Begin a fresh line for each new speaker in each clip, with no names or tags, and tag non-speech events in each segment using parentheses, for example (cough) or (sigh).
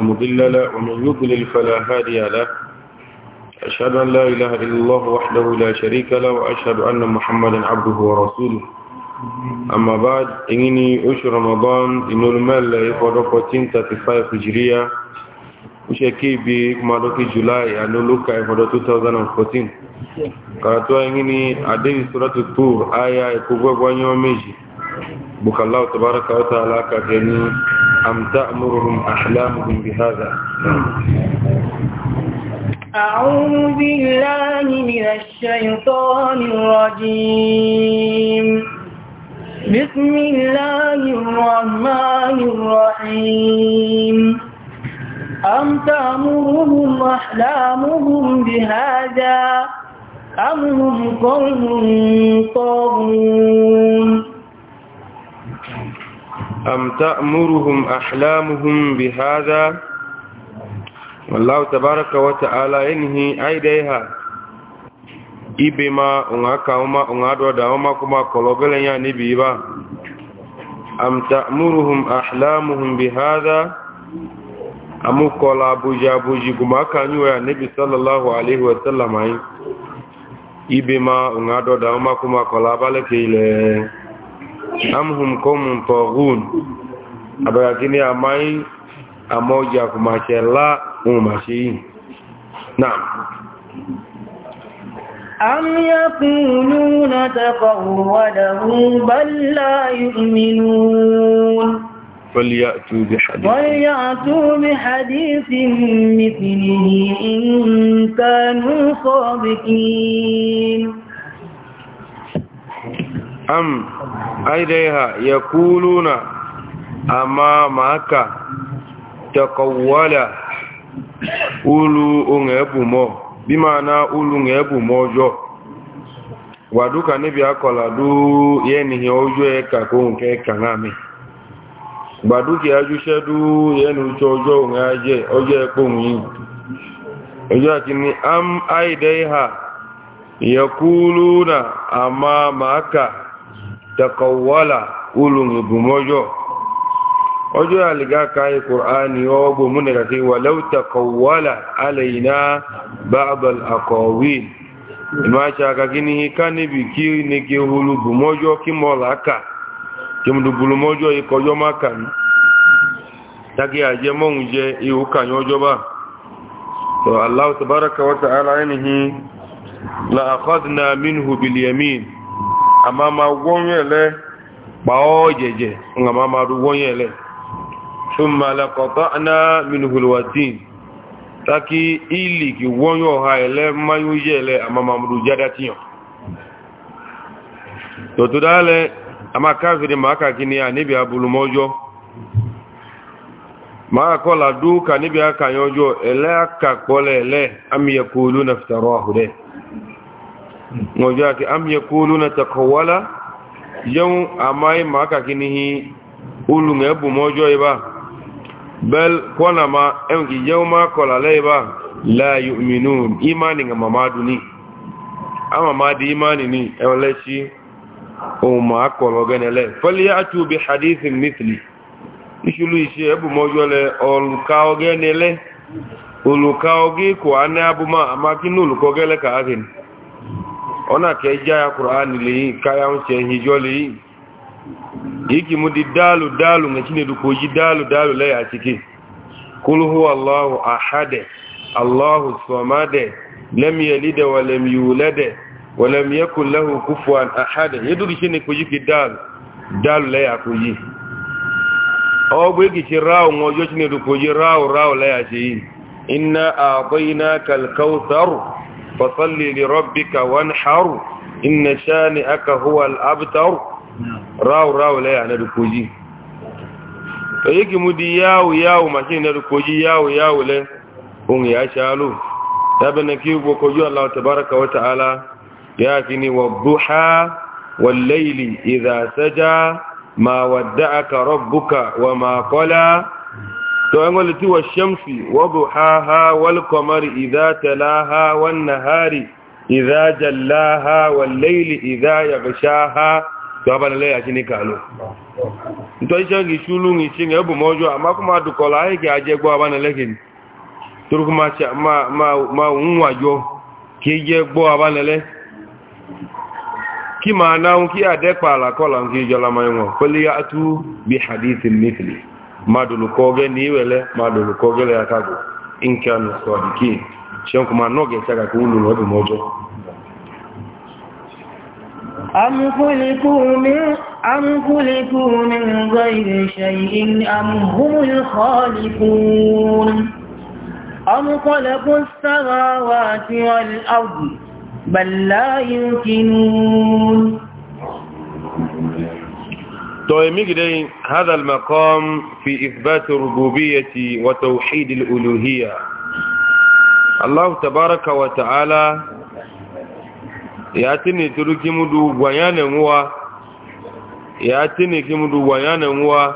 مضل له ومن يضلل فلا هادي له أشهد أن لا إله إلا الله وحده لا شريك له وأشهد أن محمدا عبده ورسوله أما بعد إنني أشهر رمضان إن المال يفضل 1435 هجرية وشكي بي مالوك جولاي أنه لوكا يفضل 2014 قرأتوا إنني أدري سورة الطور آية يكوبوا بوانيو ميجي بك تبارك وتعالى كأني أم تأمرهم أحلامهم بهذا
أعوذ بالله من الشيطان الرجيم بسم الله الرحمن الرحيم أم تأمرهم أحلامهم بهذا أم هم قوم طاغون
أم تأمرهم أحلامهم بهذا والله تبارك وتعالى إنه أيديها ibima ungaka uma ungadwa dauma kuma kologele ya nibiba am ta'muruhum ahlamuhum bihadha amukola buja buji kuma kanyu ya nabi sallallahu alaihi wasallam ibima ungadwa dauma kuma kolabale kile amhum qawmun taghun abara kini amai amoja kuma chela umashi na'am
am yaquluna taqawwalahu bal la yu'minun
فليأتوا بحديث
فليأتوا بحديث مثله إن كانوا صادقين
am aidaiha ya kuluna amma maka ta kawwala ulu unga mo bi mana ulu unga ebu mo jo waduka níbi akọ̀làdú yẹnìyàn ojú ẹka kóhùn kẹka náà mi gbàdúkì ajúṣẹ́dú yẹnu tó ọjọ́ òun ajẹ́ ọjọ́ ẹpọ̀hùn yìí ọjọ́ àti ni am aidaiha ya kuluna amma aka. takọwọ́là olùrìnbùmọ́jọ́ ọjọ́ àlìgá káyí kùránì ọgbò múnà kàkí wà lẹ́wù takọwọ́là alẹ́yìnà bábal akọ̀wìn ìmáṣà kàkí ní ká níbi kí ní kí olùbùmọ́jọ́ kí mọ́lá kà kí mọ́lùbùmọ́jọ́ ikọjọ́ má kà ní tàkí àjẹ́ mọ́hun jẹ ihò kàyán minhu bil yamin ama ma wonye le kpawo jeje nga ma ma du wonye le thumma laqata'na minhu alwatin taki ili ki wonyo ha ele mayu yele ama ma du jadatiyo to to dale ama kafiri maka kini ya nibi abulu mojo ma kola duka nibi aka yojo ele aka kole ele am yakuluna iftarahu de ŋɔjɔ ake am yɛ kolo na takɔwala yɛŋu ama yi ma kaki ni hi olu ba bɛl kɔna ma ɛŋu ki yɛŋu ma kɔla lɛ ba la yi minu imani ŋa mama duni ama ma di imani ni ɛŋu lɛ si o ma kɔlɔ gɛnɛ lɛ fɔli yɛ atu bi hadithi mitili isulu isi ebu mɔjɔ lɛ ɔluka gɛnɛ lɛ oluka ogi ko anɛ abuma ama kinu olukɔ gɛlɛ kaa gɛnɛ. ona ke jaya qur'ani li kaya un che hi joli yiki mudi dalu dalu ngachine du ko ji dalu dalu la ya tiki kul huwa allah ahad allah samad lam yalid wa lam yulad wa lam yakul lahu kufuwan ahad yedu gishine ko ji dalu dalu la ya ko ji ogbe gishi rawo فصل لربك وانحر إن شانئك هو الأبتر راو راو لا يعني ركوجي فيجي مدي ياو ياو ماشين ركوجي ياو ياو لا هم شالو تابنا كيوب وكوجي الله تبارك وتعالى ياتني والضحى والليل إذا سجى ما ودعك ربك وما قلى تقول والشمس وضحاها والقمر إذا تلاها والنهار إذا جلاها والليل إذا يغشاها tọ́bàlẹ̀ lẹ́yà kí ní kàánù nítorí ṣe ń gí ṣúlù ní ṣe ń ẹ̀bù mọ́jú àmá kó máa dùkọ̀lá ayékẹ́ ajẹ́gbọ́ abánilẹ́kẹ́ ni torúkú máa ń wàjọ kí jẹ́ gbọ́ abánilẹ́ kí máa náà kí àdẹ́pàá àlàkọ́lá ń kí jọlamọ́ ẹ̀wọ̀n pẹ́lú yàtú bí hadith mithli madulu koge ni wele madulu koge le akago inka no swadiki kuma noge saka kuulu no bi mojo
am khuliqu min am khuliqu min ghayri shay'in am humul khaliqun am khalaqu as-samawati wal ardi bal la yuqinun
طيمجدين هذا المقام في إثبات الربوبية وتوحيد الألوهية الله تبارك وتعالى ياتني تركي مدو ويانا هو ياتني كمدو ويانا هو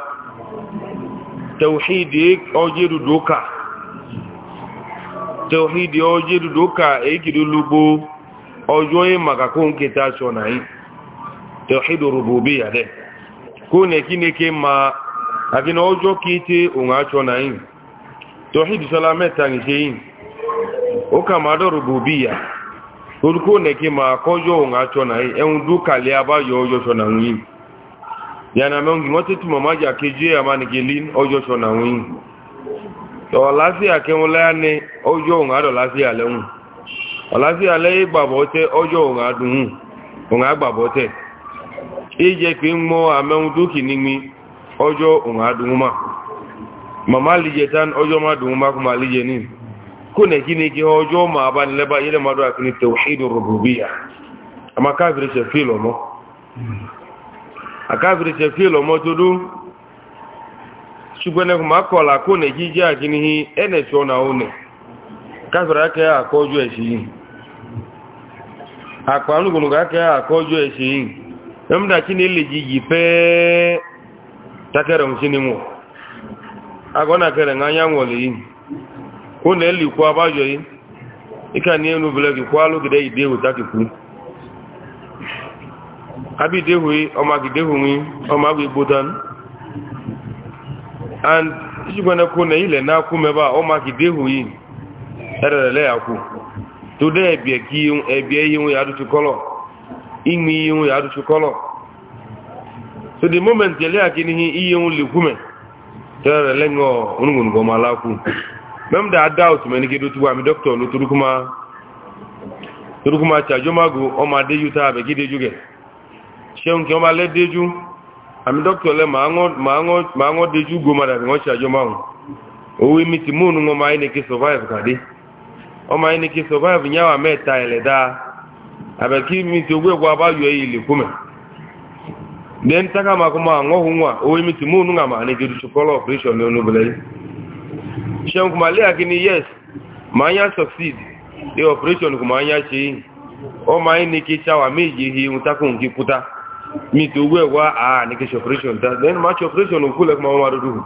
توحيدك أوجد دوكا توحيد أوجد دوكا إيكي دلوبو أوجوه مكاكون كتاشوناي توحيد الربوبية ده kone kineke ma agina kiti unga acho na yin tauhid salameta ni shein o kama do rububia turko ma kojo unga acho na yin en duka le aba yo ojo so na yin yana me ngi mote tu mama ja keje ama ni gelin ojo so na yin to lasi ake wala ne ojo unga do lasi ale un lasi ale igbabo te ojo unga dun unga gbabo te ije kpe mgbo amenwudoki n'imi ọjọ nhaduma mama lijetan ọjọ mmadụ ma kuma lijenin kuna kiniki ọjọ ma abanileba yele mmadụ akini tauhidu rububiya ama kafiri se fil ọmọ akafiri se fil ọmọ todo ṣugbọn ẹkùn akọla kuna jíjẹ akinihi ẹnẹ tí ọ na ọ nẹ kafiri akẹ akọjọ emda chi na-ele ji ji pee takere chinenwu agọnakere na anya nwere iyi kwụ na elikwu agbajọghị ịka na elu bele gị kwụ alụgide idehu takikwu abidehu ọmagidehu nwi ọmagwa igbotan and ijikwanekwu na ile na-akwụ mebe a ọmagidehu yi ererele ya kwụ tude ebie ihe nwe ya adụchikọlọ inwe iyi nwu ya adụchi kọlọ so the moment ele ya ihe iyi nwu likwume tẹ́rẹ̀ lẹ́yìn onúgbòǹgbò ọmọ aláàkú mẹ́mdà adáòtù mẹ́ni gẹ́dọ́ tí wà mí dọ́kítọ̀ ló torúkúmá ṣàjọ́mágò ọmọ adéjú tàà bẹ̀ gídéjú gẹ̀ ṣeun kí ọmọ alẹ́déjú le ma lẹ́ máa ń mara gómadà bí wọ́n ṣàjọ́máhùn owó imi ti múnú ọmọ ayínike survive kàdé ọmọ ayínike survive yáwà mẹ́ta ẹ̀lẹ̀dáa abeki miti ogwe gwa ba yo ili kume den taka ma kuma ngohu nwa owe miti mu nga ma ne gidu chukolo operation ne onu bele shem kuma le akini yes ma nya succeed the operation kuma nya chi o ma ni ki chawa meji hi utaku ngikuta miti ogwe gwa a ne ki operation da den ma chi operation ku le kuma ma rudu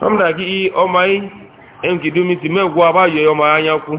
amda ki o mai en gidu miti megwa ba yo ma anya ku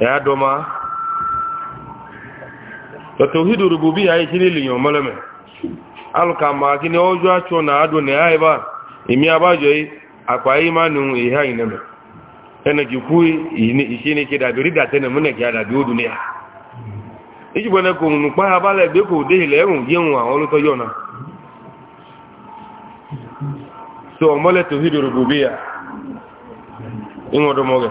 ya doma to tauhidu ya yi shine linyo malame alka ma kini ojo acho na ado ne ai ba imi abajo yi akwa imanu iha ineme ene kiku ini shine ke da birida tene mune ke da biu ya iji bone ko mu pa abale gbe ko de ile run yeun awon lo to yona so mole tauhidu rububiyya inwo do moge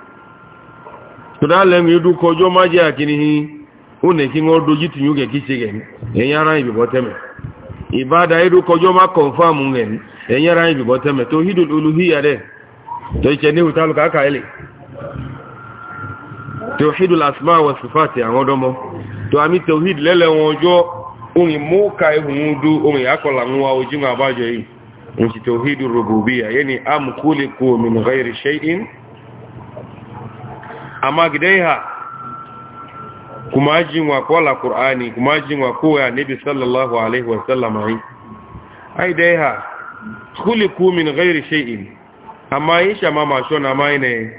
tọ́dá lẹ́nu yóò dúkọ ọjọ́ má jẹ́ àkíní yìí ó nẹ̀ kí wọ́n dojú tì yóò gẹ̀kí ṣe gẹ̀mí ẹ̀yìn ara ìbìbọ́ tẹ́mẹ̀ ìbáda yóò dúkọ ọjọ́ má kọ̀ǹfàmù gẹ̀mí ẹ̀yìn ara ìbìbọ́ tẹ́mẹ̀ tó hídùn olùhíyà dẹ̀ tó ìṣẹ́ ní ìwòtálù káàkà ilẹ̀ tó hídùn asma wa sifati àwọn amma gidaiha kuma jinwa ko la qur'ani kuma jinwa ko ya nabi sallallahu alaihi wasallam ai ai daiha khuliqu min ghairi shay'in amma isha ma ma shona ma ne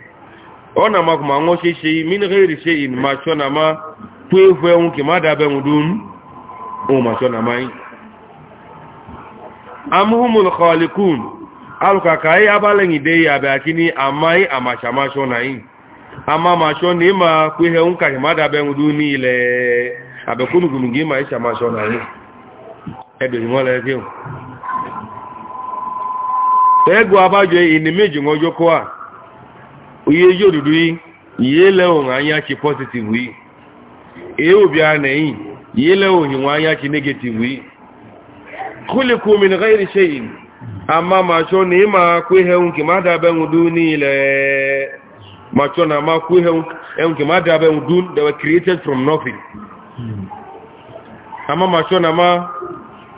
ona ma kuma ngo shi shi min ghairi shay'in ma shona ma tuwe un ki ma da be mudun o ma shona ma ai amhumul khaliqun alka kai abalan idai abakini amma ai amashama shona ai ama ma chọ na ịma kwu ihe nkarị mmadụ abịanwuru niile abịakwunugwuru gị ma ịcha ma chọ na anyị ebiri nwere gị ego abajọ e, inemeji nwojoko a onye ji odudu ihe yie le onwe anya chi positive yi ihe obi a na-eyi yie le onye nwe anya chi negative yi kulikwu min gairi sheyin ama ma chọ na ịma kwu ihe nke mmadụ abịanwuru niile macho na ma ku heun eun ke ma be dun they were created from nothing ama macho na ma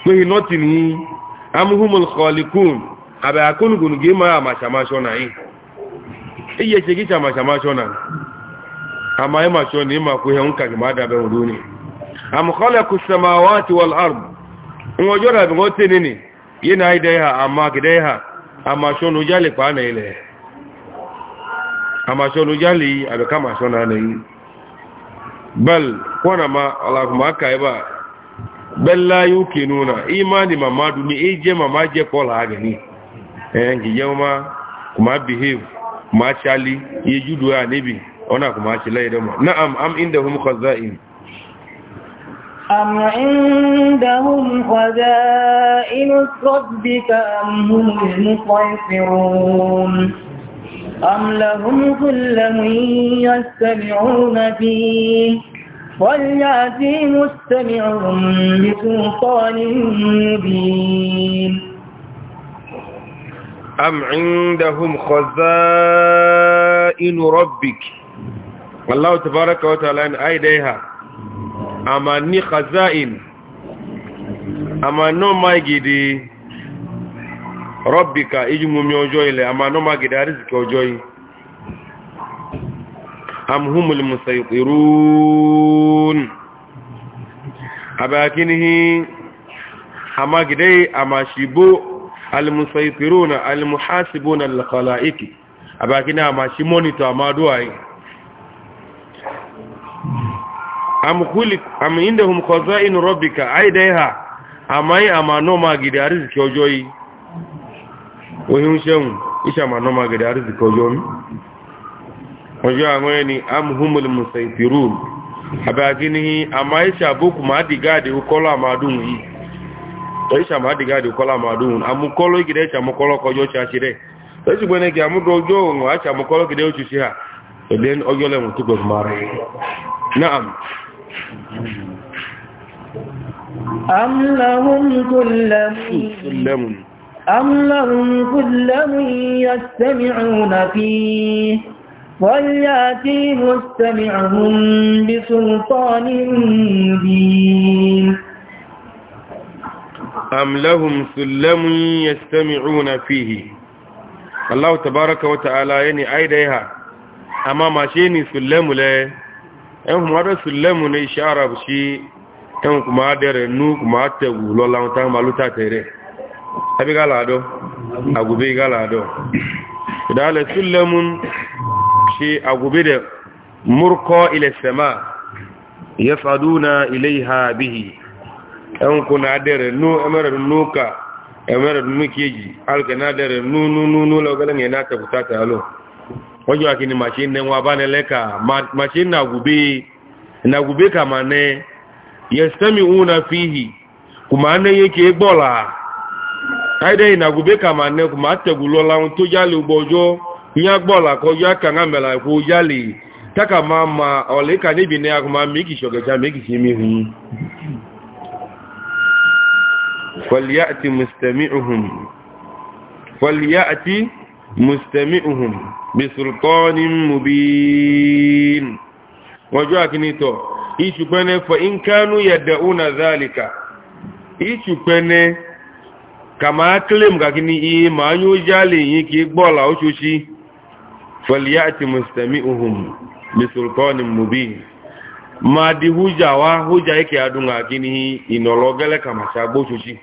ku hi nothing ni amhumul khaliqun aba akun gun ge ma ma chama cho na yi iye che gi chama chama cho na ama e macho ni ma ku heun ka ge ma da be dun ni am khalaqus samawati wal ard ngo jora be ngo tenini yina idaiha ama gidaiha ama cho no jale pa na ile amasho lujali abe kama shona ne bal kona ma allahumma kai ba bal la yukinuna imani mamadu ni eje mamaje kola gani eh ngiyoma kuma behave kuma chali yejudu ya nabi ona kuma chila idan na'am am indahum khaza'in
أم عندهم خزائن الصدق أم هم المسيطرون أم لهم كلم يستمعون فيه فليأتي مستمعهم بسلطان
مبين
أم عندهم خزائن ربك الله تبارك وتعالى أي ديها أما ني خزائن أما نوم ما يجي rọ́bìkà ìjùmọ̀mí ọjọ́ ilẹ̀ àmànọ́mà gẹ̀dẹ̀ àrísìkẹ̀ ọjọ́ yìí amhumul musaifirun abakinihi amagidai amashibo almusaifirun almuhasibun alkhalaiki abakini amashi monitor amaduwai am indahum khaza'in rabbika aidaiha amai amanoma gidari ziki ojoyi ohun ṣẹ́hùn ìṣàmànà máa gẹ̀dẹ̀ àrísìkò ọjọ́ mi ọjọ́ àwọn ẹni amúhùnmọ̀lẹ̀ musa ìfìrú àbájí ní àmà ìṣàbókù máa dìgáàdì kọ́lá àmàdùn yìí ìṣà máa dìgáàdì kọ́lá àmàdùn amúkọ́lọ́ ìgẹ̀dẹ̀ ìṣàmúkọ́lọ́ kọjọ́ ṣàṣẹ rẹ̀ lọ́sùgbọ́n ẹgbẹ̀ àmúdọ̀ ọjọ́ òun àṣàmúkọ́lọ́ ìgẹ̀dẹ̀ òṣìṣẹ́ à ẹ̀lẹ́ ọjọ́ lẹ́wọ̀n tó gbẹ̀rù máa rẹ̀ náà
أم لهم كلهم أم لهم كل يستمعون فيه ولياتي مستمعهم بسلطان مبين
أم لهم سلم يستمعون فيه الله تبارك وتعالى يعني أيديها أما ما شيني سلم له أنهم هذا سلم إشارة بشي أنهم ما درنوك ما تقول الله تعالى ما لتاتيره abi galado agube galado dala sulamun shi agube da murko ila sama yasaduna ilaiha bihi an kuna dare nu amara nuka amara nukeji alkana dare nu nu nu nu logalan yana ta butata alo wajo akini machine ne wa bane leka machine na gube na gube kama ne yastami'una fihi kuma ne yake gbola kaide ina gube kama ne kuma tegulu lahun to jale ugbojo iya gbola ko ya kanga mela ko jale taka mama ole ka nibi ne akuma miki shogeja miki kimi hu falyati mustami'uhum falyati mustami'uhum bi sultanin mubin wajo akinito isu pene fa in kanu yad'una zalika isu pene kama claim ka kini i ma nyu jale yin ki gbola ochuchi falyati mustami'uhum bi sultanin mubin ma di huja wa huja yake adunga kini inologele kama sabo ochuchi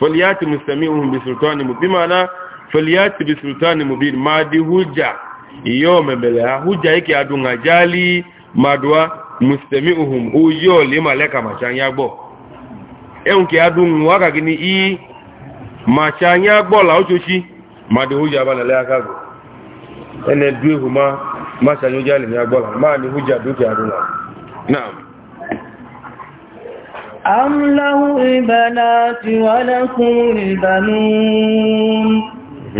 falyati mustami'uhum bi sultanin mubin mana falyati bi sultanin mubin ma di huja iyo mebele ha huja yake adunga jali madwa mustami'uhum uyo lima leka machanya gbo ehun ki adunga wa ka kini i ma cha anya gbola ochochi ma de hoja bana le aka go ene du ehu ma ma cha nyoja le ni agbola ma ni hoja do ki aduna naam
am lahu albanati wa lakum albanun أم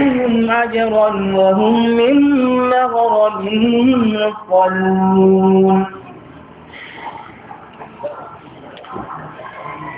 من مغرم يصلون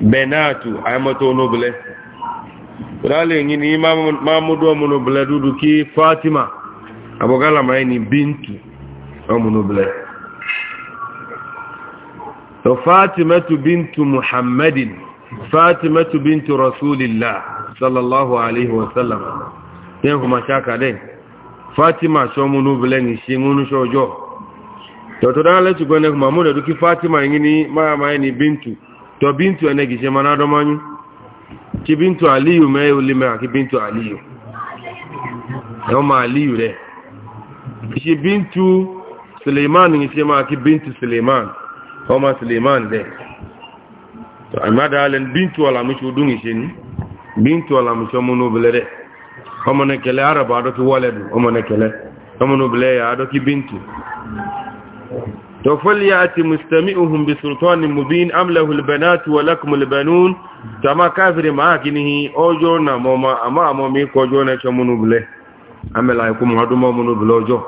benatu aymato no bele dale ngini mamudu amuno bele dudu ki fatima abogala maini bintu amuno bele to fatimatu bintu muhammadin fatimatu bintu rasulillah sallallahu alaihi wasallam yen kuma shaka den fatima so muno bele ni shingunu shojo to to dale tugone kuma mudu ki fatima ngini mama maini bintu to bintu anegi je mana do manyu ti bintu aliyu me ulime aki bintu aliyu yo ma aliyu re ti bintu suleiman ni je ma aki bintu suleiman o suleiman de to amada len bintu wala mu chudungi shin bintu wala mu chomuno belere o mo ne kele araba do ki waledu o mo ne kele o ya do bintu to falyati mustami'uhum bi sultanin mubin am lahu albanatu wa lakum albanun tama kafiri ma kinihi ojo na moma ama amomi kojo na chamunu bule amela ikum haduma munu bule ojo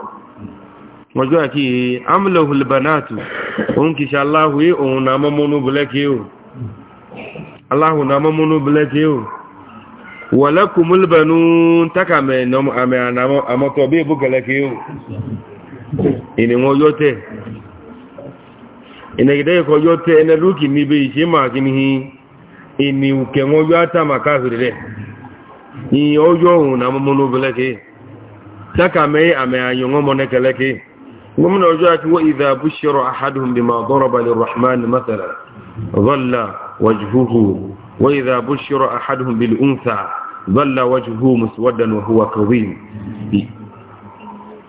mojo aki am lahu albanatu unki sha allah yi on na mamunu bule ki o allah na mamunu bule ki o wa lakum albanun takame no ame anamo amako bi bugale ki o ini mojo te inagide ko yo te na luki ni be ji ma gini hi ini uke mo yo ata ma ka hire ni ojo hun na mo lo bele ke saka me ame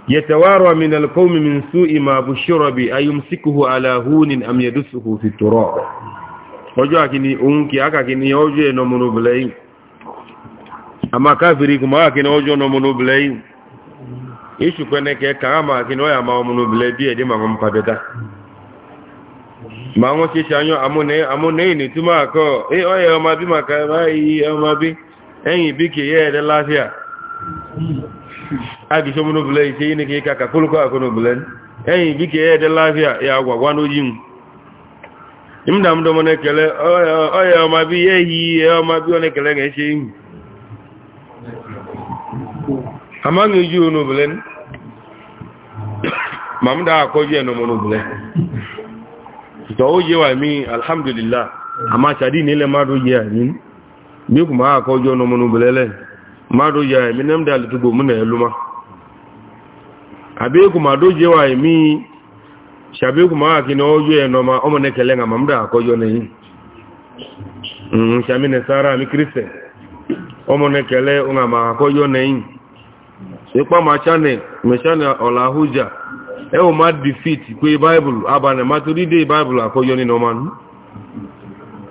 يتوارى min القوم من سوء ما بشر به أيمسكه ala هون أم يدسه في التراب ojo akini unki aka kini ojo no munu ama kafiri kuma akini ojo no munu blei kwene ke kama akini oya ma bi edi ma ngom pabeta ma ngo amune amune ni tuma ko e eh, oya ma bi bai ma bi bi ke ye de lafia agụsọ monobule ise yi nike ka kakoloko akonobule enyi bika ya ede lafia ya gwagwa n'oji m imda mdomo na-ekele ọya ọmabi ya ehi ya ọmabi ọ na-ekele ga-eche ihu amaghị uju onobule ma m da akọju ẹnu monobule ìtọ̀ ó yẹ wà mí alhamdulillah àmà ṣàdí nílẹ̀ mádó yẹ ma bí kùmà akọjú ọ̀nà monobule lẹ́yìn mmadụ ya eme na mdị alịtugbo m na eluma abịa ekwu ma doje wa emi shabe ekwu ma haki na ọjọọ ya nọma ọmọ na-ekele nga ma mdị akọjọ na yi shami na sara mi kristian ọmọ na-ekele nga ma akọjọ na yi ipa ma chane mechane ọla hụja ewu ma defeat kwe baịbụl abalị ma toride baịbụl akọjọ ni nọma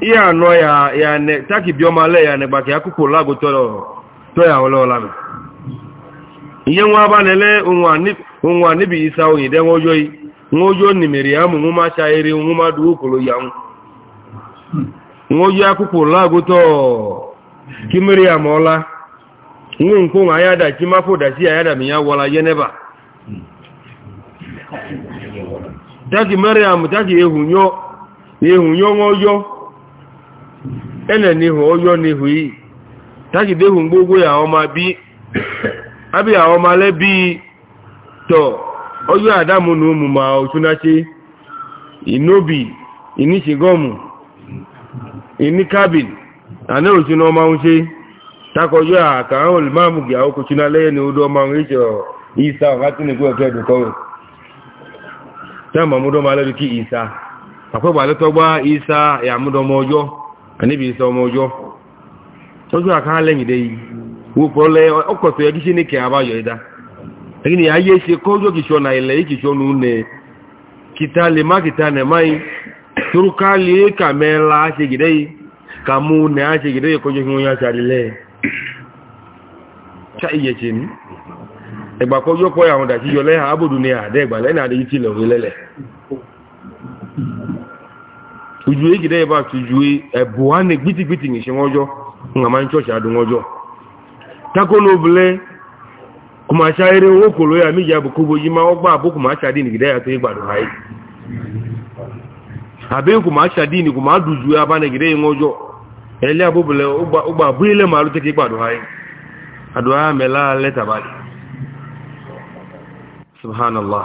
ihe anọ ya ya ne taki bioma le ya ne gbake akụkụ lago toro to ya ole ola mi ihe nwa ba nele unwa ni unwa bi isa oyin de nwojo yi nwojo ni mere ya mu ma cha ere unwu ma du okolo ya un nwojo akụkụ lago to kimiri ya mola nwụ nko nwa ya da chi mafo da chi ya da mi ya wala ye neba taki mariam taki ehunyo ehunyo nwojo ene n'ihu ni n'ihu iyi tagidehu mgbe ogwo ya ọma bi (coughs) abi ya ọma lebi tọ onye adamu na ụmụ ma otunachi inobi inisigomu inikabin ana otu na ọmanwụ chi tako onye a ka ahụ limamu gị ahụ kuchina leye na udo ọmanwụ iche isa ọgati na-ekwu ọkụ edukọwe ta mamudo ma lebe ki isa akwegbalịtọgba isa ya mụdọmọjọọ anibi sọ ọmọ ọjọ́ ọjọ́ àká lẹ́yìnde yìí wo pọ̀ lẹ ọkọ̀tọ̀ ẹgbẹ́ ṣe ní kẹ́ àbáyọ̀ ẹ̀dá ẹgbẹ́ ayé ṣe kọjọ́ kìṣọ́ na ilẹ̀ ìkìṣọ́ nù nẹ kìta lè má kìta nẹ máa yìí lè kà ṣe gìdẹ́ yìí nẹ ṣe gìdẹ́ kọjọ́ kí wọ́n yá tujue gide ebe a tujue ebu a na-egbiti gbiti n'ishi nwọjọ nga ma nchọchị adị nwọjọ tako n'obule kụmacha ere nwokolo ya miji abụ kobo yi ma ọgba abụ kụmacha dị n'igide ya tụ ịgbado ha yi abe kụmacha dị n'ikwu ma dujue aba na gide ya nwọjọ ele abụbule ụgba abụ ile ma alụteka ịgbado ha yi adụ ha mela leta bali subhanallah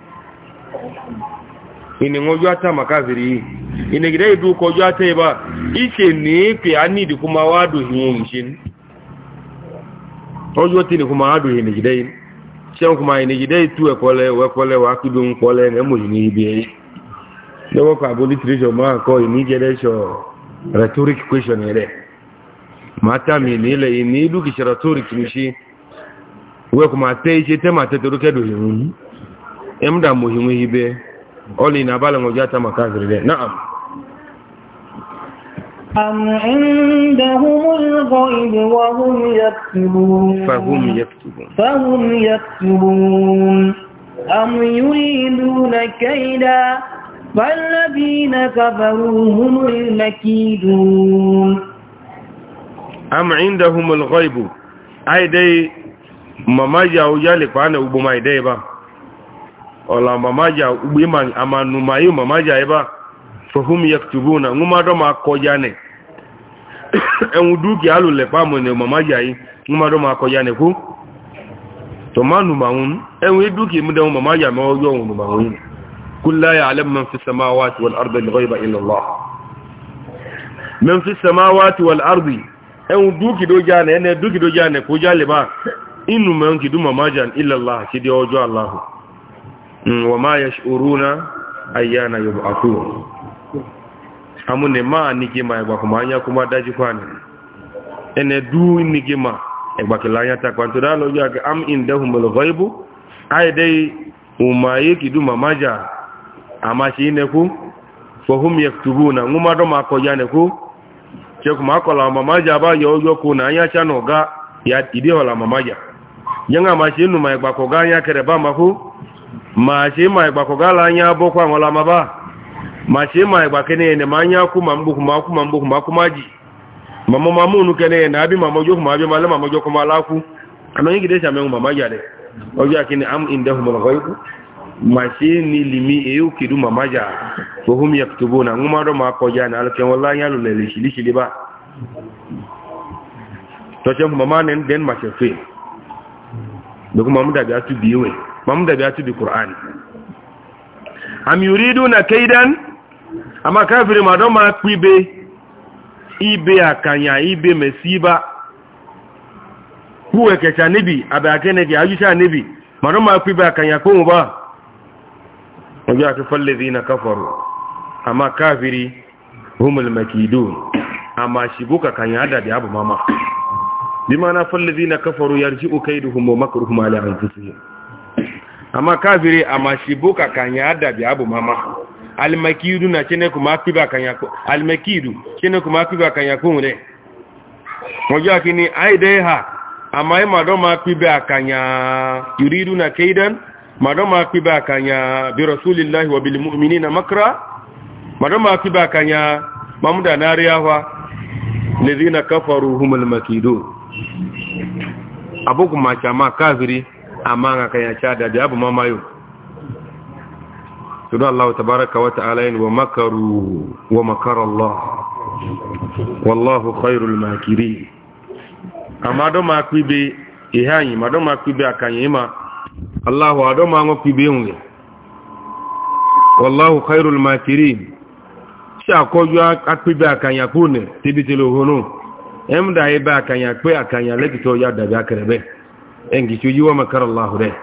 ini ngoju ata makafiri ini gida idu koju ata iba ike ni pe anidi kuma wadu himu mshin oju tini ni kuma wadu ini gida ini shen kuma ini gida itu ekole wekole wakidu nkole ngemu ini ibi lọ́wọ́ kọ àbò lítírẹ́ṣọ̀ máa kọ ìníjẹ́lẹ́ṣọ̀ rhetoric question rẹ̀ máa tàmì nílẹ̀ ìní lùkìṣẹ́ rhetoric ní ṣe wẹ́kùnmá tẹ́ iṣẹ́ tẹ́mà tẹ́tẹ́rúkẹ́dù ìrùn emda muhimu hibe oli na bala ngojata makaziri de na'am
am indahumul ghaib wa hum yaktubun fahum yaktubun fahum yaktubun am yuriduna kayda فالذين كفروا هم المكيدون
أم عندهم الغيب أي دي مما يو يالي فأنا أبو ọ̀la mamaja ugbe ma amanumayi mamaja ebe a fọhum yaktubu na nwumadọ ma kọja ne ẹnwu (coughs) dúkì alùlẹ̀ pàmò ne mamaja yi nwumadọ ma kọja ne kú tọ ma numanwun ẹnwu dúkì mú dẹ̀wọ̀n mamaja ma ọjọ́ òun numanwun kúláyà alẹ́ mẹ́fí samáwá ti wọ́n ardu lọ́wọ́ ibà ilọ̀lọ́ mẹ́fí samáwá ti wọ́n ardu ẹnwu dúkì dó já ne ẹnẹ dúkì dó já ne kó já lè bá inú mẹ́rin kìdú mamaja ilọ̀lá kìdí ọjọ́ aláhùn Mm, wa ma yash'uruna ayyana yub'athun amune ma nigima egba kuma anya kuma daji kwani ene du nigima egba kilanya ta kwanto da lo ya am indahum al ghaibu ay dai umaye kidu mamaja ama shi ne ku fa hum yaktubuna nguma do ma ko jane ku ce kuma ko la mamaja ba yo yo ku na anya chano ga ya idio la mamaja yanga ma shi nu ma egba ko ga anya kere ba ma ku machi ma ịgbakọ gala anya abụkwa nwala maba ma ịgba kenene ma anya akwụ ma mgbukwu ma akwụ ma mgbukwu ma akwụ ma ji ma mụmamụ unu kenene na abị ma mojokwu ma abịa ma mojokwu ma lakwu anọ cha menwu ma majade ọjọ́ akini am indahu ma ghaibu machi ni limi eyu kidu ma maja ko hum yaktubuna nguma do ma ko jana alken wallahi ya lulele shili shili ba to chen mama nen den ma chefe dokumamu daga tu biwe mamu da biya bi qur'ani am na kaidan amma kafiri ma don ma pibe ibe akanya ibe mesiba kuwe kecha nibi abakene ki ajisha nibi ma don ma pibe akanya ko mu ba wajen ake fallazi na kafaru amma kafiri humul makidun amma shibuka kan yada da abu mama bi ma na fallazi na kafaru yarji'u kaiduhum wa makruhum ala anfusihim ama kafiri ama shibuka kanya adabi abu mama almakidu na chene kumakiba kanya almakidu chene kumakiba kanya kungre moja kini aideha ama e madoma kibe akanya yuridu na kaidan madoma kibe akanya bi rasulillah wa bil mu'minina makra madoma kibe akanya mamuda nariyawa lidhina kafaru humul makidu abuku machama kafiri amanga kan ya cada da abu mamayo tunu Allah tabaraka wa ta'ala yin wa makaru wa makara Allah wallahu khairul makiri amado ma kwibe ihanyi mado ma kwibe akanyi ma Allah wa do ma ngo kwibe unge wallahu khairul makiri sha koju akwibe akanya kune tibitelo hono emda ibe akanya pe akanya lekito ya dabi akrebe engi chuji wa makara allah de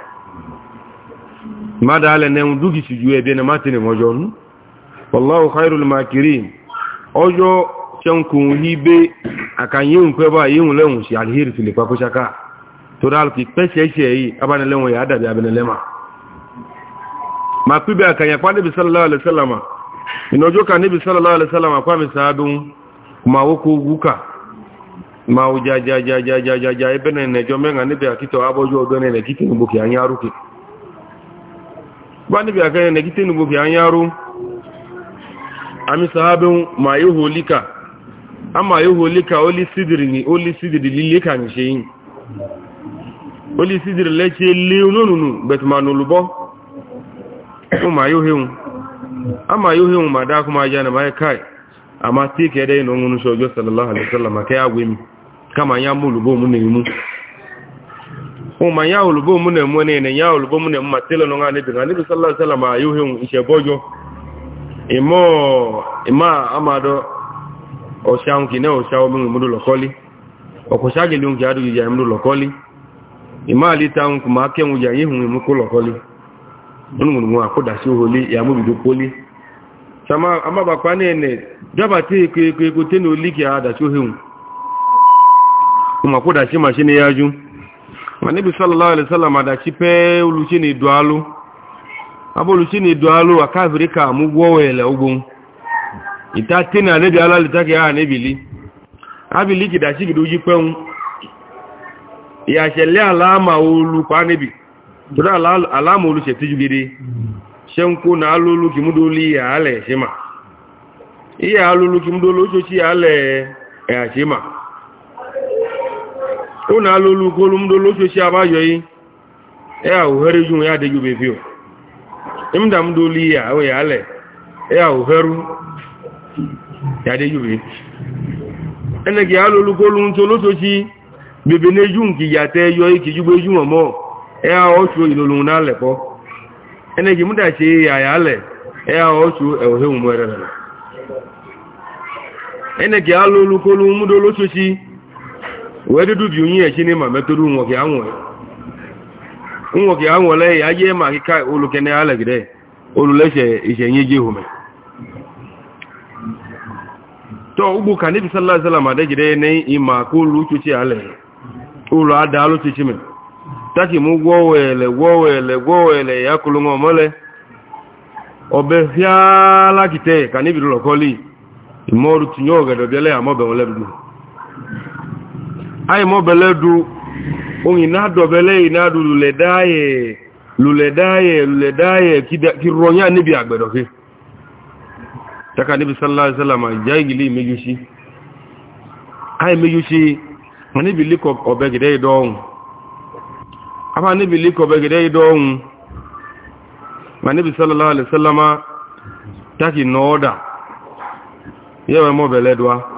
ma dale ne dugi chuju e de na matini mojon wallahu khairul makirin ojo chankun hibe akanye unpe ba yiun lehun si alheri fili papo chaka to dal ki pese se yi abana lehun ya adabi abana lema ma pibe akanya kwa nabi sallallahu alaihi wasallama inojo ka nabi sallallahu alaihi wasallama kwa misadun kuma woko guka ma wo jajajajajaja ebe na ẹnẹjọ mẹ́rin níbi àkítọ̀ abọ́jú ọdún ẹnẹkítẹ̀ ní gbogbo àyárú kì bá níbi àkẹ́ ẹnẹkítẹ̀ ní gbogbo àyárú àmì sàábẹ́ ma e ihò líkà a ma ihò líkà ó lé sídìrì lílékà ní ṣe yìn ó lé sídìrì lẹ́ṣẹ́ lé olónùnù bẹ̀tùmánù olùbọ́ a ma ihò hẹ́hùn ma dákùnmá yánà máa ma tí kẹ́ẹ̀dẹ́ ìnà òun ní ṣọ́jọ́ sallallahu alaihi wasallam kẹ́ àwẹ́mi kama ya mulubo mune mu uma ya ulubo mune mu ne ne ya ulubo mune mu matelo no ngane bi ngane bi sallallahu alaihi wasallam ayuhe ise bojo imo ima amado o shaun kine o shaun mu mu lo koli o ko shaje lu ngi adu ya mu lo koli ima li taun ku ma ke mu ya yi hun mu ko lo koli nunu mu akoda si holi ya mu bi do koli sama ama ba pa ne ne jaba ti ke ke ko tenu liki ada so heun kuma ko da shi ma shi ne yaju annabi sallallahu alaihi wasallam da shi pe uluchi ni dualu abo uluchi ni dualu akafirika mugwowele ugun itatina nabi alali take ya nabili abili ki da shi giduji peun ya shele alama ulu pa nabi dura alama ulu se tijugide na alulu kimuduli ya ale shema iya alulu kimudulu ochochi ya ale ya ụnụ alụlụ golumdolu ochechi abayọghị ya uhere ju ya adịghị obebio ya ahụghị ale ya uheru ya adịghị obe ene gị alụlụ golumdolu ochechi bebe na eju nke ya te yọ ike jugbo eju mọmọ ya ọchụ ilolu ọmọ alekpọ ene gị ya ya ale ya wee dudubi onye echi na ịma metụrụ nwoke a nwere ya jee ma akịka olukene alegide oluleche isenye ji hume tọ ugbu ka ndị bisala azala ma degide na ịma ka olu uchuchi ale olu ada aluchichi me taki mu gwọwele gwọwele gwọwele ya kulu ngomole ọbẹ fiala kite ka n'ibiru lọkọli ime ọrụ tinye ọgẹdọ bịala ya mọbe nwele ayi mo bele du ohun ina do bele ina du lule daye lule daye lule daye ki ronya nibi agbedo fi taka nibi sallallahu alaihi wasallam jayigili meyushi ayi meyushi mo nibi liko obegide do ohun ama nibi liko obegide do ohun ma nibi sallallahu alaihi wasallam taki noda yewe mo bele duwa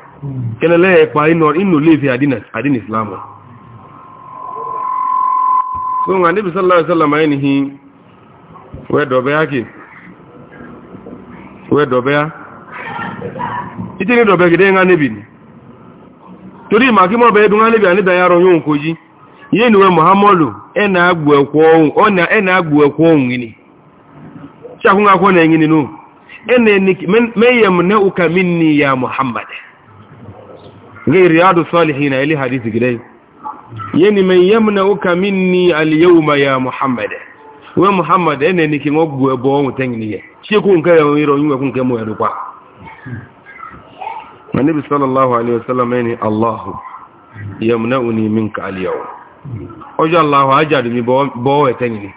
kelele ya e kpa inu lefi adin islamu so nga nabi sallallahu alaihi wasallam ainihi we dobe yake we dobe ya ite ni dobe gide nga torí ma ki mo be dun nabi ani da yaro ye ni we muhammadu e na agbu ekwo ohun o na e e ya muhammad غير رياض الصالحين إلي حديث كده يعني من يمنعك مني اليوم يا محمد we muhammad ene ni kin ogbu ebo ohun tenginiye se ku nke yo iro yin we ku nke mo edu pa nabi sallallahu alaihi wasallam ene allah yamnauni minka alyawm ojo allah ajadu mi bo e tengini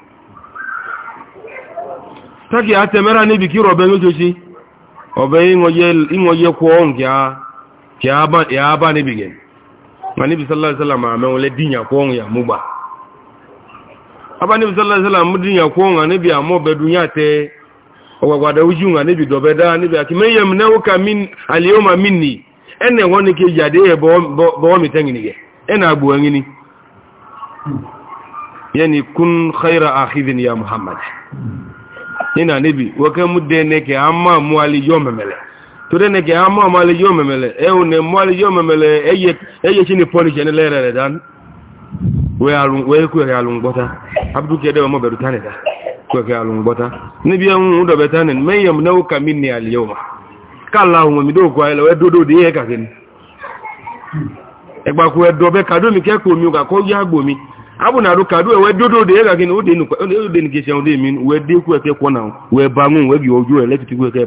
taki atemera ni bi ngojoji obe ya ba ni bigin ma ni bisallar salama ma wule dinya ko ya muba aba ni bisallar salama dinya ko nga ni bi amo be dunya te ogwagwa da uju nga ni bi dobe da ni bi akime yem na uka min aliyoma minni ene woni ke jade e bo bo mi tengini ge ene abu ngini yani kun khaira akhidin ya muhammad ina nabi wa kan mudde ne ke amma mu ali yomemele tore ne ke amma male yo memele e une male yo memele eye eye chini poli chene re dan we we ku re abdu mo beru tane da ku ni bi en do betane men al kala mi do we do do e ka e gba ku e do be ka do ke ko ka ko ya gbo mi abu na do ka do e we do do e ka ken o de nu o de ni ke se ko na we ba mu we bi le ti ku e ke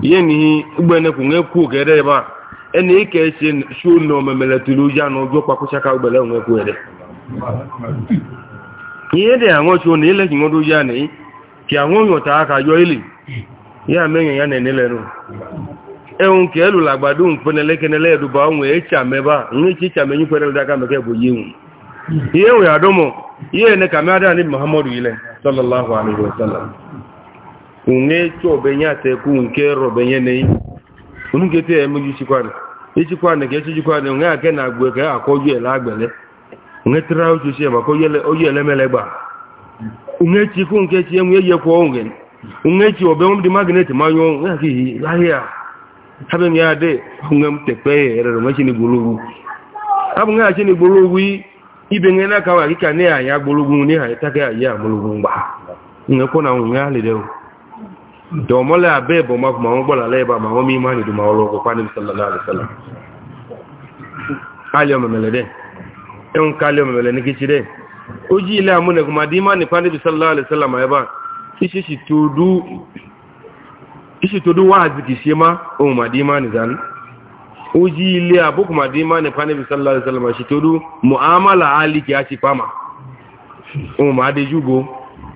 yenihi ugbenekwu nwekwu ogere ebe a ena ike eche shuo na omemeletiri uji anụ oge kpakwụcha ka ugbele nwekwu ere ihe dị aṅụchuo na ile kinwodo uji na ka aṅụ nyụta aka yọọ ili ya menye ya na enelerụ ewu nke elula agbado mkpenelekenele eduba onwe echa meba nwechi icha menye kwerelede aka meke bụ yi iwu ihe nwere adụmụ ihe ene ka mmadụ anyị muhammadu ile sallallahu alaihi wasallam unge chobe nyate ku nke robe nyene unu kete emu yichikwane yichikwane ke yichikwane unge ake na ka ke akoju ele agbele onye tra uju se ma ko yele oyu ele melegba unge chi ku nke chi enwe ye ko unge unge chi obe um di magnet ma yo unge ahịa lahia ya ya ade unge mtepe ere chi ibe na ha itake aya gulugu ngba unge na unge dɔmɔlɛ abe bɔnma kuma wọn gbɔ lalɛ ba ma wọn mi ma ni duma wɔlɔ ko pani sallallahu alaihi wasallam k'ale yɔ mɛmɛlɛ dɛ ɛn k'ale yɔ mɛmɛlɛ ni kisi dɛ o ji ilé amu ne kuma di ma ni pani sallallahu alaihi wasallam ayɛ ba isi si to du isi to du waazi kisi ma o ma di ma ni zan o ji ilé abo kuma di ma ni pani sallallahu alaihi wasallam si to du mu'amala ti pa ma o ma de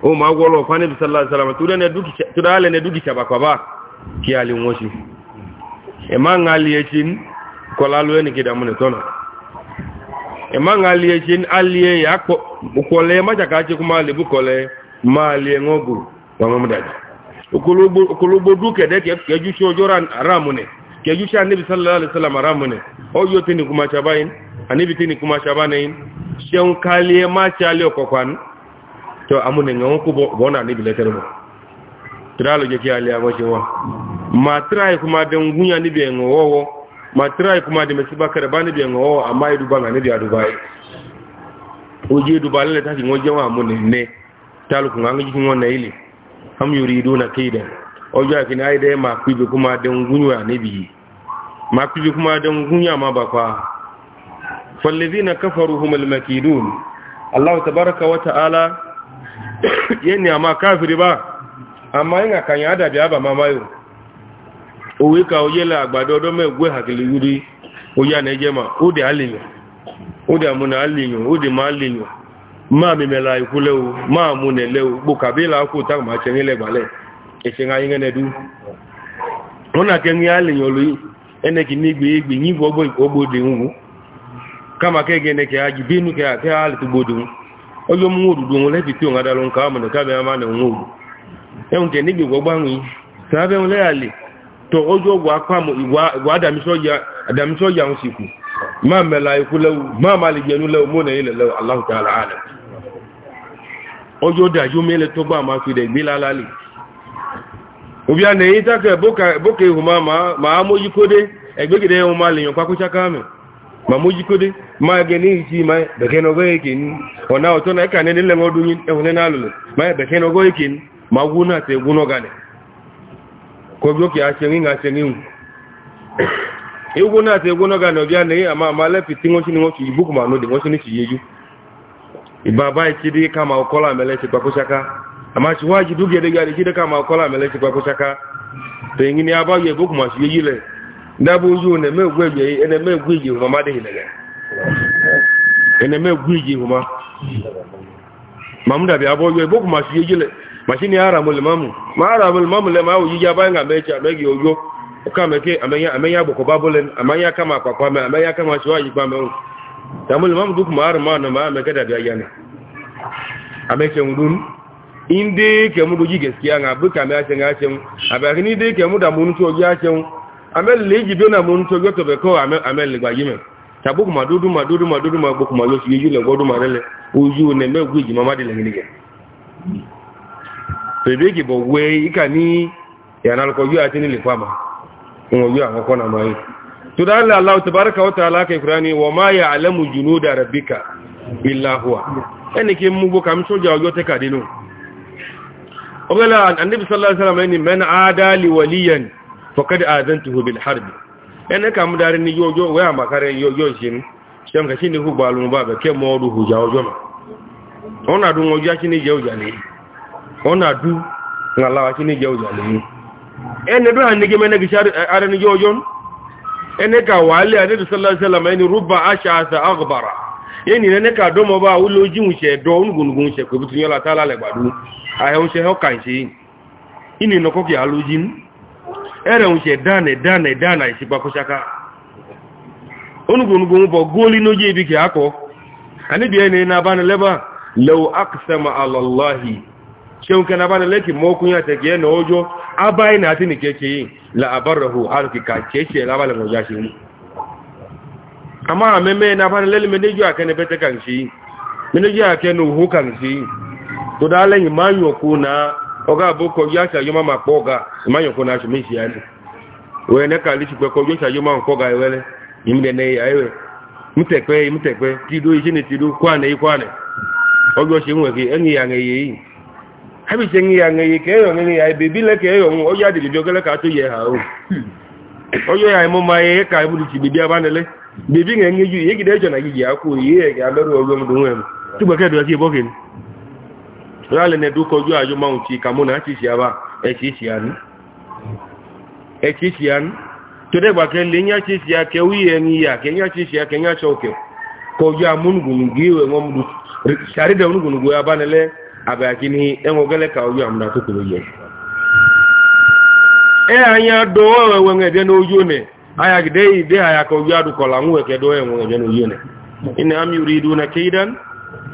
o ma gwọlọ kwa níbi sallallahu alaihi wasallam tó dáálẹ̀ ní dúkìá bàkọ̀ bá kí a lè wọ́n ṣe ẹ má ń alì ẹ̀ṣẹ́ ní kọlá ló ẹni kìdàmú ní tọ́nà ẹ má ń alì ẹ̀ṣẹ́ ní alì ẹ̀yà kọlẹ̀ májàká ṣe kú máa lè bú kọlẹ̀ máa lè ẹ̀ngọ́gù wọn mú dájú okologbo dúkẹ̀dẹ́ kẹjú ṣe ọjọ́ ráàmù ní kẹjú ṣe níbi sallallahu alaihi to amune ngon ko bona ni bile termo tralo je ki ali amo chewa ma try kuma de ngunya ni be ngowo ma try kuma de mesiba karaba ni be ngowo amai dubanga ni dia dubai e. oje dubale le taki ngoje wa amune ne talu kunga ngi ngone ile am yuriduna kida ojo akini aide ma kwibe kuma de ngunya ni bi ma kwibe kuma de ngunya ma bakwa فالذين كفروا هم المكيدون الله تبارك وتعالى yẹni àmà káfìrí bá àmà ìhà kàyàn àdàbí àbàmà máyò òwe ka oyẹ́lẹ̀ àgbàdo ọdọ́ mẹ́gbẹ́ àkìlẹ̀ yúrí oyá nẹ́jẹ́mà ó dẹ̀ àlèyàn ó dẹ̀ àmúnà àlèyàn ó dẹ̀ máa lèyàn máa mímẹ́la ìkúlẹ̀ o máa múnẹ̀ lẹ́ o gbò kàbílà kò táàmà ṣẹ́rìnlẹ̀ gbàlẹ̀ ẹ̀ṣẹ̀ ayẹ́rẹ́nẹ́dú wọ́n nà kẹ́rin àlèyàn lóyìn ẹnẹ́kì ní gbèégbè onye mnworu du nwere epiti onadalụ nke ahụ na e kabịa ma na onworu enwere na igwe gbanwe ka abịa nwere ali tọ ojú ogun apam ìwà àdàmísọ́yà ń sìkù máa mẹ́la ikú lẹ́wù máa máa lè jẹnu lẹ́wù mọ́nà ilẹ̀ lẹ́wù aláhùtà aláàrẹ ojú dájú mẹ́lẹ̀ tó gbà máa fi dẹ̀gbé lálálẹ̀ òbí a nẹ̀yìn tákẹ̀ bókè ihò máa mójú kódé ẹgbẹ́gẹ̀dẹ̀ ma mo jikode ma ge ni ji ma be ke go ekin ona o na ka ne le ngodu yin e wona alu ma be ke no go ekin e e e ma wuna te guno gane ko gyo ki a se nga se ngi e wuna te guno gane bi ama ma le piti ngo shi ni ngo ki ibuku ma no de ni yeju kama okola mele ama waji kama mele ngini ma ndabụ ozu na-eme egwu eji na-eme egwu iji hụma adịghị lele na-eme egwu iji hụma ma m dabi abụọ ya yo ebokwu ma sie jile ya ara mụlị mamụ ma ara mụlị mamụ le ma ahụ iji abaghị ga mechi ameghị ogo ụka meke amenye agbakọba bụlen amanye aka ma akpakwa me amenye aka ma chụọ ajikwa menwụ ta mụlị mamụ dukwu ma arụ manụ ma ameke dabi anya na ameche nwuru ndị ke mụrụ ji gaskiya nga bụ ka me achenwe achenwu abịaghị ndị ke mụ da mụrụ chụ oji achenwu amẹ́lì lè jìbí ọ̀nà mọ́ ní tó amel amel amẹ́lì gbàjí mẹ́ tàbùkù ma dúdú ma dúdú ma dúdú ma gbọ́kù ma lóṣù yíyú lẹ̀ gbọ́dú ma rẹ̀lẹ̀ ojú ọ̀nà mẹ́gbù ìjìmọ́ má dìlẹ̀ nìyẹn bèbè ìgbìbọ̀ wẹ ìkà ní ìyànà alùkọ yóò àti nílẹ̀ fáàmà wọn yóò àwọn kọ́nà máa yìí tó dá lè aláwọ̀ tàbárẹ́kà ó tààlà kẹ ìkura ni wọ́n máa yà alẹ́mù jùnú dàrẹ̀ bí ká ìlàhùwà ẹnì kí mú gbọ́ kàmí sójà ọjọ́ tẹ́kà dínú ọgbẹ́lá anábìsọ́lá sálàmù ẹni mẹ́nà ádáàlì wàlíyàn faqad azantuhu bil harb ene kam dari ni yojo we amakare yojo jin shem ka shini hu balu baba ke modu hu jaojo ma ona du ngoja shini ni ona du ngala wa shini ni do gishar are ni ka wali ani sallallahu alaihi wasallam ene rubba ashasa aghbara yeni ene ka do mo ba uloji unse do ungungun se ko bitu yola tala le gbadu ahe unse ho kanji ini ẹ̀rẹ̀ ń ṣe dáànẹ̀ dáànẹ̀ a ìṣìgbàkóṣaká onugbonugbo ń bọ̀ góólí ló yé ibi kì ákọ́ àníbi ẹni nabanilẹ́bà lẹ́wọ́ akṣẹ́mà alọ́láhì ṣeun kẹ́ nabanilẹ́kì mọ́kún yàtẹ̀kì ẹ̀nà ọjọ́ abáyìn àti nìkẹ́kẹ́ yìí làbárọ̀hù alùkìkà kẹ́ẹ̀ṣẹ̀ lábàlẹ̀ ọgá àbókọ yóò aṣàyọmọ máa pọ ọgá ìmáyọkọ náà aṣọmọ ìṣìyà ni wẹ nẹka lè ṣùgbọn kọ yóò aṣàyọmọ àwọn kọgá ìwẹlẹ ìmìlẹnẹ ayẹwẹ mútẹpẹ mútẹpẹ tìdó iṣẹ ni tìdó kó àná ikọ àná ọjọ ṣe ń wẹkẹ ẹni ìyà ẹyẹ yìí hábi ṣe ń yà ẹyẹ kẹyọ ẹni ìyà bèbí lẹkẹ ẹyọ ń ọjọ àdìdì ọgẹ tó yẹ ha o ọjọ yà ẹmọ máa yẹ ẹka ibùdó ti bèbí abánilẹ bèbí ń ẹyẹ yìí kìdẹ ẹjọ nà yìí yìí ẹgẹ abẹrù ọgbẹmọdún wẹmu túbọkẹ dùn ẹkẹ rálẹ̀ nẹ̀dú kọjú àjọ máa ti kàmúnà ti ṣe àbá ẹ̀ṣì ìṣìyàní tó dẹ́gbà kẹ lè yá ṣe ṣe akẹwí ẹni ìyà kẹyà ṣe ṣe akẹyà ṣe ọkẹ kọjú amúnugùnugù ẹ̀wọ̀n mú ṣàrídẹ̀ onúgùnugù abánilẹ́ àbẹ̀ àti ní ẹwọ̀n gẹ́lẹ́ ka ojú àmúna tó kòrò yẹ ẹ àyà dọwọ́ ẹ̀wọ̀n ẹ̀dẹ́ ní ojú ọ̀nẹ̀ ayàgídẹ́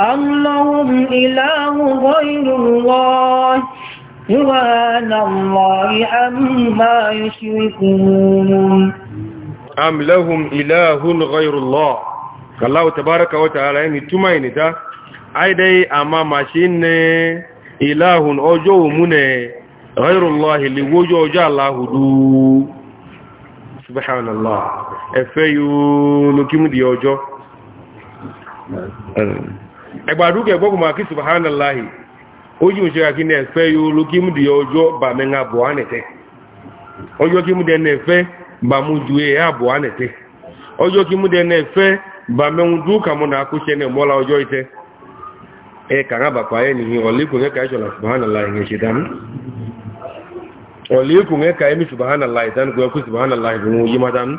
أم لهم إله غير الله سبحان الله عما يشركون
أم لهم إله غير الله الله تبارك وتعالى يعني تمين ده أي دي أما ماشين إله أجو من غير الله اللي وجو جاء الله دو سبحان الله أفيو نكيم دي أجو ẹgbàdú kẹgbọ́gbù aki kí subhanallahi ó yí òṣèrè kí ní ẹ̀fẹ́ yóò ló kí mú di ọjọ́ bà mẹ́ngà bọ̀ ánẹ̀tẹ́ ọjọ́ kí mú dẹni ẹ̀fẹ́ bà mú ju ẹ̀yà bọ̀ ánẹ̀tẹ́ ọjọ́ kí mú dẹni ẹ̀fẹ́ bà mẹ́hun dú kàmú ọjọ́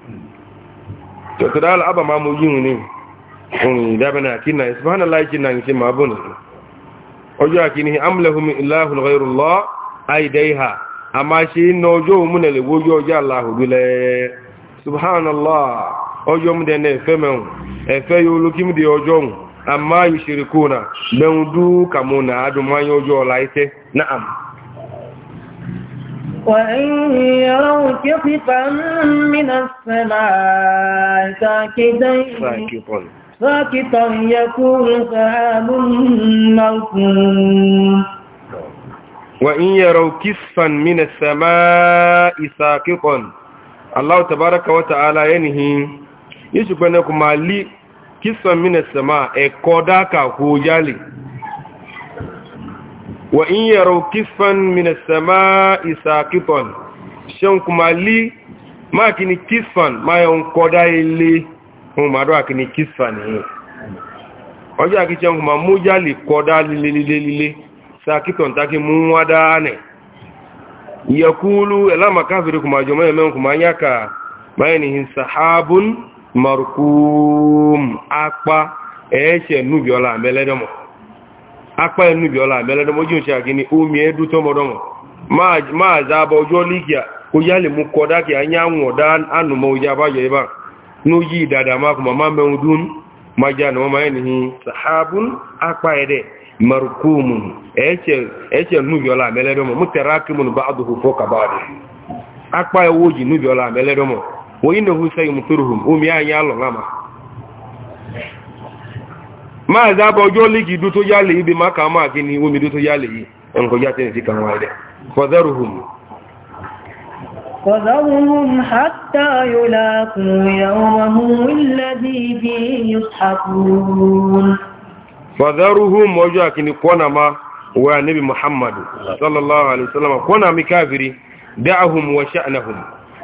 to kada al'aba ma mu yin ne kun da bana kinna subhanallahi kinna ngi ma bun ojo akini amlahum ilahun ghayrullah aidaiha amma shi nojo mun le wojo ja allah dule subhanallah ojo mu de ne femen e fe yo lukim de ojo amma yushrikuna ben du kamuna adu man ojo laite na'am
وإن يروا كسفا من السماء ساكتا ساكتا يكون سهاب مركوم
وإن يروا كسفا من السماء ساكتا الله تبارك وتعالى ينهي يشبه أنكم علي كسفا من السماء إكوداك هو يالي wa in yaro kifan mina sama isa kifan ṣeun kuma li ma kini kifan ma yọ nkọdá ilé ohun màdọ́ àkini kifan ni ọjọ́ àkí ṣeun kuma mú jálì kọdá lílélílé sa kifan taki mú wá dáánẹ̀ yakulu ẹlámà káfìrí kuma jọmọ́ ẹ̀mẹ́ kuma yáka mayanihin sahabun markum apa ẹ̀ẹ́ṣẹ̀ núbíọ́lá mẹ́lẹ́dẹ́mọ̀ akpa ya nubi ọla abịala dọmọ ji oche gịnị omi edu tọmọdọmọ maazị aba ọjọọ likia oyi ali mụ kọda ka anya anwụ ọda anụmọ oyi abajọ ebe a n'oyi dada ma kụ na ma ji ma ya n'ihi akpa ya dị nubi ọla abịala dọmọ mụ tere akị mụ ba adụhụ kaba akpa ya bi ọla dọmọ na anya máa dábọ̀ ọjọ́ lígi dú tó yálè ibi máa kà máa kí ni omi dú tó yálè yìí ẹnkọjá tẹ́lẹ̀ sí kan wáyé rẹ̀ fọ́zẹ́rùhùn
فذرهم حتى يلاقوا يومهم الذي فيه يصحبون
فذرهم وجاك نكونا ما ونبي محمد صلى الله عليه وسلم كونا مكافري دعهم وشأنهم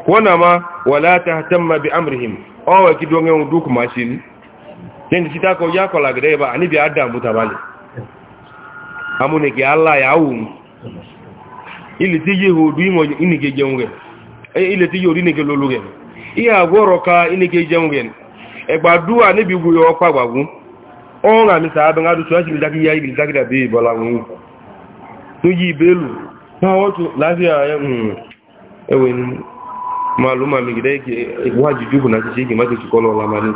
كونا ما ولا تهتم بأمرهم أو كدوان يوم دوك ماشين yẹni títà kọ yá kọ làgẹ̀dẹ̀ yẹba níbi àdàmú tàbálì amúnìkì aláyàwó ilẹ̀ tí yíò odú ìnìkè jẹun rẹ̀ e, ilẹ̀ tí yíò orí ìnìkè lólu rẹ̀ ihe àgọ́rọ̀ ka ìnìkè jẹun rẹ̀ ẹgbàdúwà níbi gbogbo ọpá gbàgbún ọrùn àmì sàábẹ̀ adúsù láti lè dákíyá ilẹ̀ dákídà bí ìbọ̀lá wọn tó yí ìbélù máa wọ́n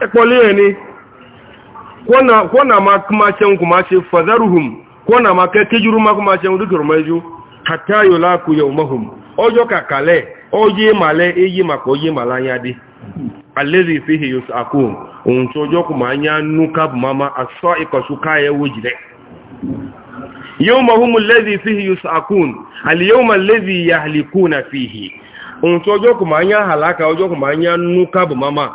ekpoli eni kwona kwona makumachen kumache fadharuhum kwona makekejuru makumachen dukurumaju hatta yulaku yawmahum ojo kakale oji male eji maka oji malanya di alladhi fihi yusakun un tojo kumanya nuka mama aso ikosuka yewujire yawmahum alladhi fihi yusakun alyawma alladhi yahlikuna fihi un tojo kumanya halaka ojo kumanya nuka mama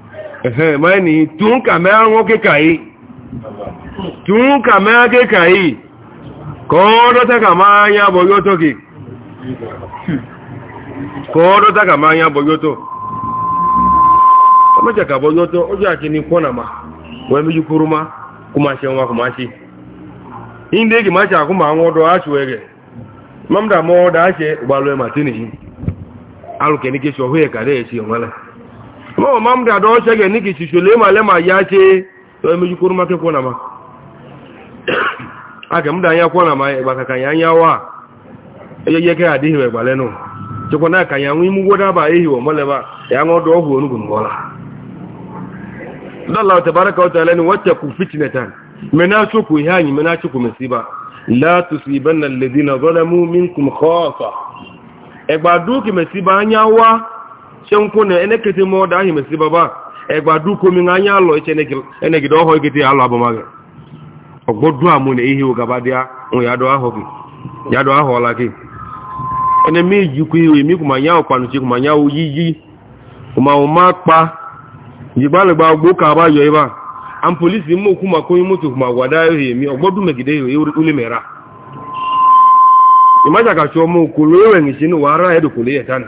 ehe mani tun kame me an oke kai tun ka me ake kai ko do ta kama anya boyo to ki ko do ta kama anya boyo to kuma ta ka boyo to ojo ake ni kona ma we mi kuruma kuma she wa kuma shi inde ki ma cha kuma an odo a chuwege mamda mo da she gbalwe matini aluke ni ke so hoye kare e ma ma m ga-ada ọcha ga enike ichichi ma le ma ya chee emejukwuru maka kwona ma a ga m da anya kwona ma gbaka e ka ya anya wa eyeke ha adịghị n'o. chekwa na ka ya nwe ime ugwo daba ehiwo maleba ya e ṅụ ọdụ ọgwụ onugbu mgbe ọla dala tabaraka wataala ni wattaku fitnatan mena chuku yani mena chuku misiba la tusibanna alladhina zalamu minkum khafa egba duki misiba anyawa nkwụ na enekete m ọda ahụ mesịrị baba egba dukomi na anya alọ iche enegide ọhọ egete alọ abụmaghị ọgbọdụ amụ na ihe ụgaba dị yadụ ahọla gị eneme ijikwa iwe imi kwụma nya ụkpanuchi kwụma nya oyiyi kwụma ụma kpa jigbalịgba gboo ka aba yọ ebe a am polisi m okwu maka onye moto kwụma gwada ihe emi ọgbọdụ megide ihe ulimera ịmaja kacha ọma okolo ewe ngichi n'ụwa ara edokolo ya tana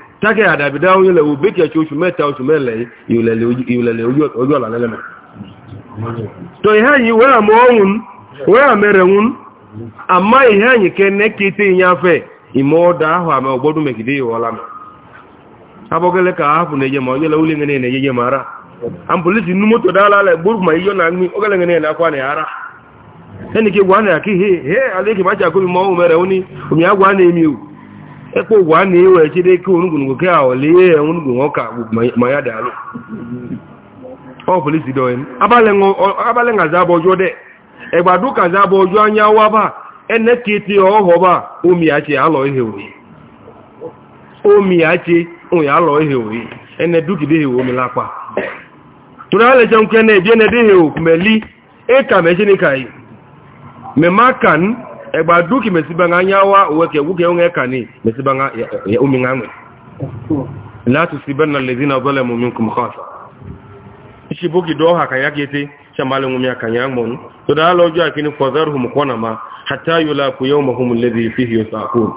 take adabida onye lewu bekechi oṣù mẹ́ta oṣù mẹ́lẹ̀ ìwòlẹ̀lẹ̀ ojú ọ̀là lẹ́lẹ̀mẹ̀ to ihe yi wee àmà ọnwụn wee àmẹrẹ nwụn àmà ihe anyị ke nekete inye afẹ ime ọda ahụ a ọgbọdụ megide ya ka ahapụ na ma onye lewu lengene na ma ara ambulisi moto dala gburu na nri na na na ma ọnwụ mere na ekpo ụgwọ a na-ewe chide ike onugwu n'oke ahụ lie ya onugwu nwoke agwụ ma ya dị alụ ọ polisi dị abalị ngazi abụ ọjọọ dị ịgbado kazi abụ ọjọọ anya waba enekiti ọhọba omiachi alọ ihe oyi omiachi onye alọ ihe oyi enedugide ihe omilakpa tụrụ alecha nke na-ebi enede ihe okumeli ịka mechinika yi memakan egba duki mesibanga anyawa weke wuke unge kani mesibanga ya umi ngangwe la tusibanna alladhina zalamu minkum khasa ishibuki do haka yakete chamale ngumi akanyangmon to da lojo akini fadharhum ma hatta yulaku yawmahum alladhi fihi yusakun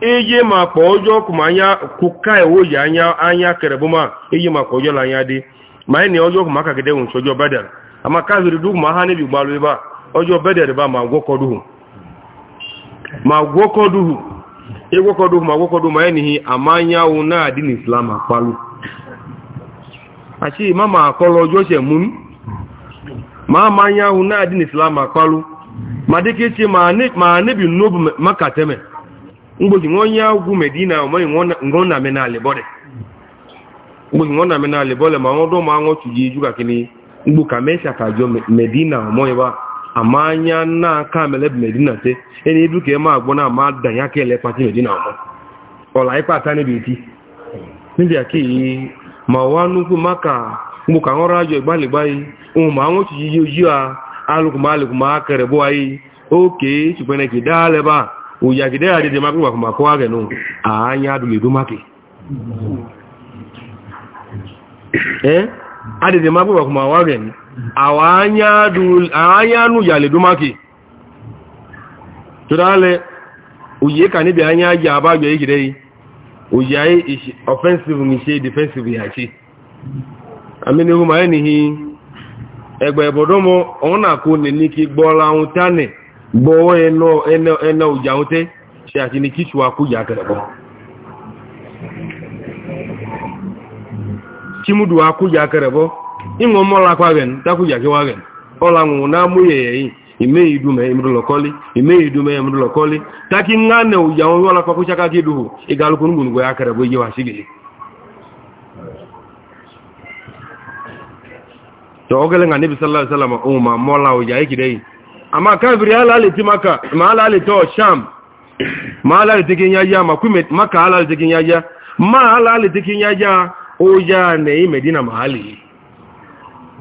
eje ma pojo kumanya kukai wo yanya anya kerebuma ma pojo la nyadi mai ni ojo kumaka gede unsojo badal ama kaziri du ma hanebi ma gokodu ma gwọkọduhu ịgwọkọduhu e ma gwọkọduhu ma enihi amanyawu na adị islam akpalu achi mama akọlọ jọshe mun ma amanyawu na adị islam akpalu ma dịka ichi ma nebi nobu makateme mgbogi onye agwụ medina omeri ngọna menali bọdị mgbogi ngọna menali bọdị ma ọdụ ma anwụ tụji iju kakini mgbu ka mesha ka jọ medina omeri ba ama anya na aka mele medina te eni idu ke ma agbo na ma dan ya ke le pati medina o ola ipa ta ni bi ti nibi aki ma wa nuku maka mo ka ngora jo igbali bayi o ma won ti yi oji a aluku ma aluku ma kere bo ayi oke ti pene ki dale ba o ya ki dale de ma ku ma ko age no a anya du le du make eh ade de ma ku ma wa ge ni àwọn anyánú yàlèdúmákì tó dálẹ̀ òyè kà níbi anyá yà àbájọ ìkìdẹ́ yìí òyè ayé offensive ní ṣe defensive yà ṣe ma ẹni hi ẹgbẹ̀ ìbọ̀dọ́mọ́ ọ̀hún àkó nì ní kí gbọ́ra ohun tánẹ̀ gbọ́wọ́ ẹnà òjà ohun ịṅụ mla kwagen takwuja gị wagen ọla nwụwụ na amụghị imeghi dume emrụlọkọli imeghi dume emrụlọkọli taki nga na ụja onye ọla kwakwụcha aka gị duhu ịga alụkwuru ya akara bụ ihe wasi gị to ogele nga nabi sallallahu alaihi wasallam umma mola uja ikidei ama kafiri halali timaka malali to sham malali tikin yaja makume maka halali tikin yaja ma halali tikin yaja uja ne medina mahali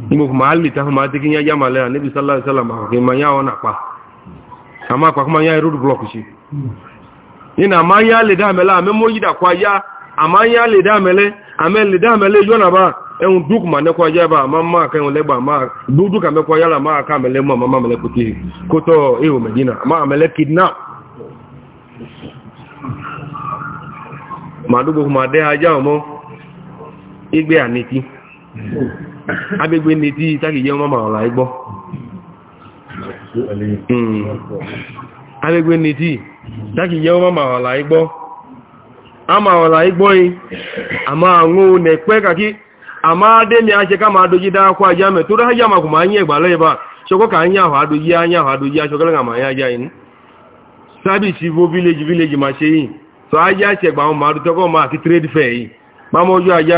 nígbò fún máa lè tán máa tí kí yá yá máa lẹ́ra níbi sálàrí sálàmà kí ma yá ọ̀nà pa a máa pàkó ma yá road block ṣe nínú àmá yá lè dáàmẹ́lẹ́ àmẹ́mọ́ yídà kọ ayá àmá yá lè dáàmẹ́lẹ́ àmẹ́ lè dáàmẹ́lẹ́ yọ́nà bá ẹ̀hùn dúkù mà nẹ́kọ ayá bá àmá máa kẹ́hùn lẹ́gbà máa dúdú kàmẹ́kọ ayá là máa ká mẹ́lẹ́ ajá ọmọ igbe àníkí agbègbè ní tí tágìjẹ́ ọmọ máa ọ̀la igbọ́ hmm. agbègbè ní tí tágìjẹ́ ma máa ọ̀la a máa ọ̀la igbọ́ yìí a ma ń hún nẹ pẹ́ kàkí a máa dé ní aṣẹ ká máa dojí dákọ́ ajá mẹ́ tó rájá ma kò ma yẹ ìgbà lẹ́yìn bá ṣọkọ́ kà ń yà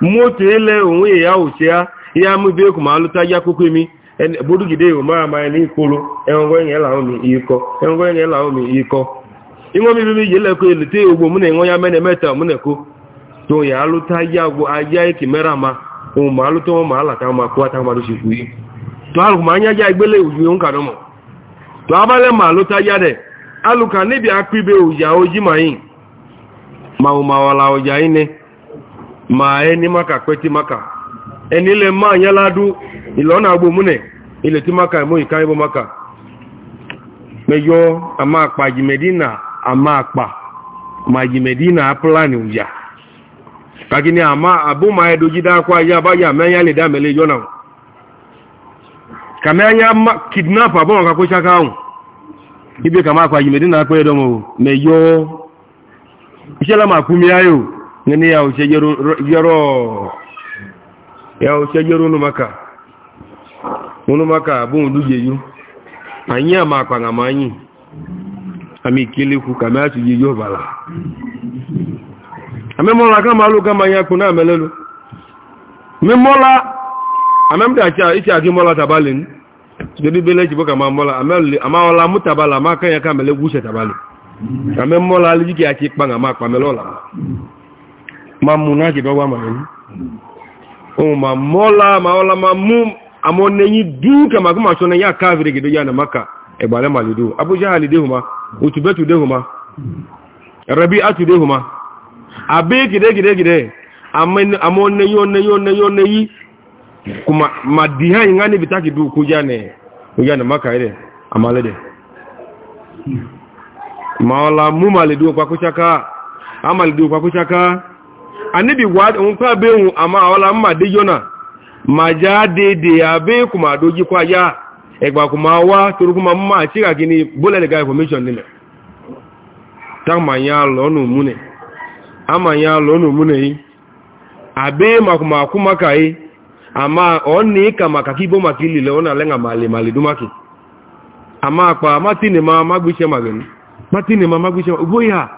moto ele onwe ya uche ya ihe amụbi ekwu ma alụta ya akwụkwọ imi burugide ma amaya na ikporo enwegwenye laomi iko ịṅụm ibibi ji elekọ elute ugbo m na-enwe ya mena emeta m na-ekwu to ya alụta ya gwu aja ekemera ma ụmụ um, alụta ụmụ alata ma kụwata mmadụ chikwu ihe to alụkwụ ma anya ya egbele uju nkado mụ to abalị ma alụta ya de alụka n'ebi akpụ ibe uja ojii ma yi ma ụmawala ụja ine ma ẹni maka pẹ́tí maka ẹni ilẹ̀ máa yẹ́ ládú ìlọ́nà agbó múnẹ̀ ilẹ̀ tí maka ìmú ìká ibó maka mẹjọ́ a máa pa jìmẹ̀dínà a máa pa ma jìmẹ̀dínà pílánì òyà kàkí ni àmá àbú ma ẹdójí dákọ́ ayé abáyà mẹ́yà lè dámẹ́lẹ̀ yọ́nà kàmẹ́yà kidnap àbọ̀n kakó ṣakáhùn ibi kàmá pa jìmẹ̀dínà pẹ́ ẹdọ́mọ̀ mẹjọ́ iṣẹ́ lámà kú mi ayò ngani ya wuce gero ya wuce gero nu maka nu maka abun duje yu anyi ama kwa na manyi ami kile ku kama atu ji yo bala ame mola kama lu kama ya kuna amelelu me mola amem da cha ichi agi mola tabalin jadi bele ji boka ma mola amel ama ola mutabala ma kan ya kamele gushe tabali ame mola aliji ki achi pa na ma pa melola ma mú náà jẹ́ dọ́gbà màá ní ohun ma mọ́lá ma ọlá ma mú àmọ́ nẹ́yìn dúkà ma kúmà sọ́nà yá káàfìrí gẹ̀dọ́ yá na maka ẹgbàlẹ́ ma lèdó abújá àlèdéhùnmá òtùbẹ́tùdéhùnmá rẹ̀bí àtùdéhùnmá àbé gẹ̀dẹ́gẹ̀dẹ́gẹ̀dẹ́ àmọ́ nẹ́yìn nẹ́yìn nẹ́yìn nẹ́yìn kuma ma dìhá yìí ngani bita kìdú kó yá nẹ kó yá na maka ma ọlá mú ma lèdó pàkúṣaká àmàlẹ́dó pàkúṣaká anibi wa nka benwu ama awala mma de yona ma ja de de abe kuma doji kwa ya egba kuma wa turu kuma mma chi ga gini bullet guy formation nile ta ma ya lo nu mune ama ya lo nu mune yi abe ma kuma kuma kai ama oni kama kakibo makili le ona lenga male male dumaki ama pa matini ma magbiche magani matini ma magbiche uboya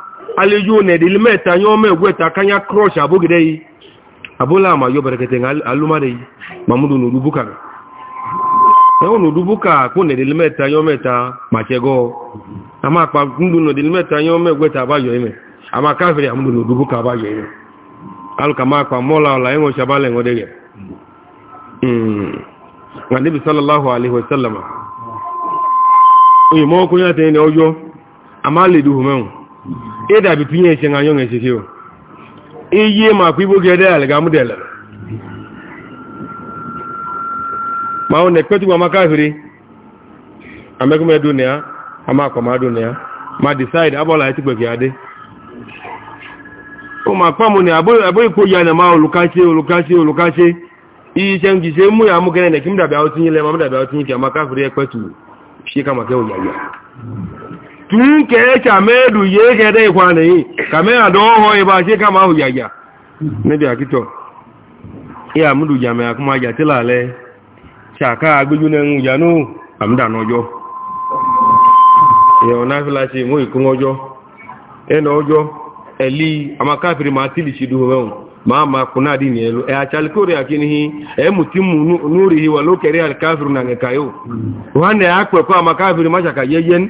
aliju na edili meta anya ọma egweta aka anya krọsh yi abụla ma yo berekete nga de yi ma mụrụ na urubuka ewu na urubuka kpụ na edili meta anya ọma eta ma chego ama akpa ndụ na edili meta anya ọma egweta abayọ ime ama kafiri amụrụ na urubuka abayọ ime alụka ma akpa mọla ọla enwe shabala enwedeghe hmm. nga nabi sallallahu alaihi wasallam onye ma ọkụ ya tenye na ọjọọ ama ledu humenwu ịdabi pinye eche nga nyọ ngechichi o iyi ma kwa igbo gede ala ga mudele ma ọ na-ekpetu ma maka ahiri amegumedu na ya ama akwamadu na ya ma decide abọla ya tikpe ya dị ụmụ akpa m na abụghị ikwu ya na ma olukachi olukachi olukachi iyi iche ngiche mụ ya amụ gene na kim dabịa otinyele ma m dabịa otinye ka maka ahiri ekpetu shi ka maka ụnyaahụ tun ke chamedu ye ke dai kwana yi kame a doho yi ba shi kama hu yaya na biya kito iya mudu a kuma ya tilale shaka agbiju na nwuja no amda n'ojo ya ona fila shi mu ikun ojo ena ojo eli ama kafiri ma tili shi duhu mehun ma ma kuna di ni elu e achalikori akinihi e mutimu nurihi wa lokere alkafiru na ngekayo wane akwe kwa makafiri mashaka yeyen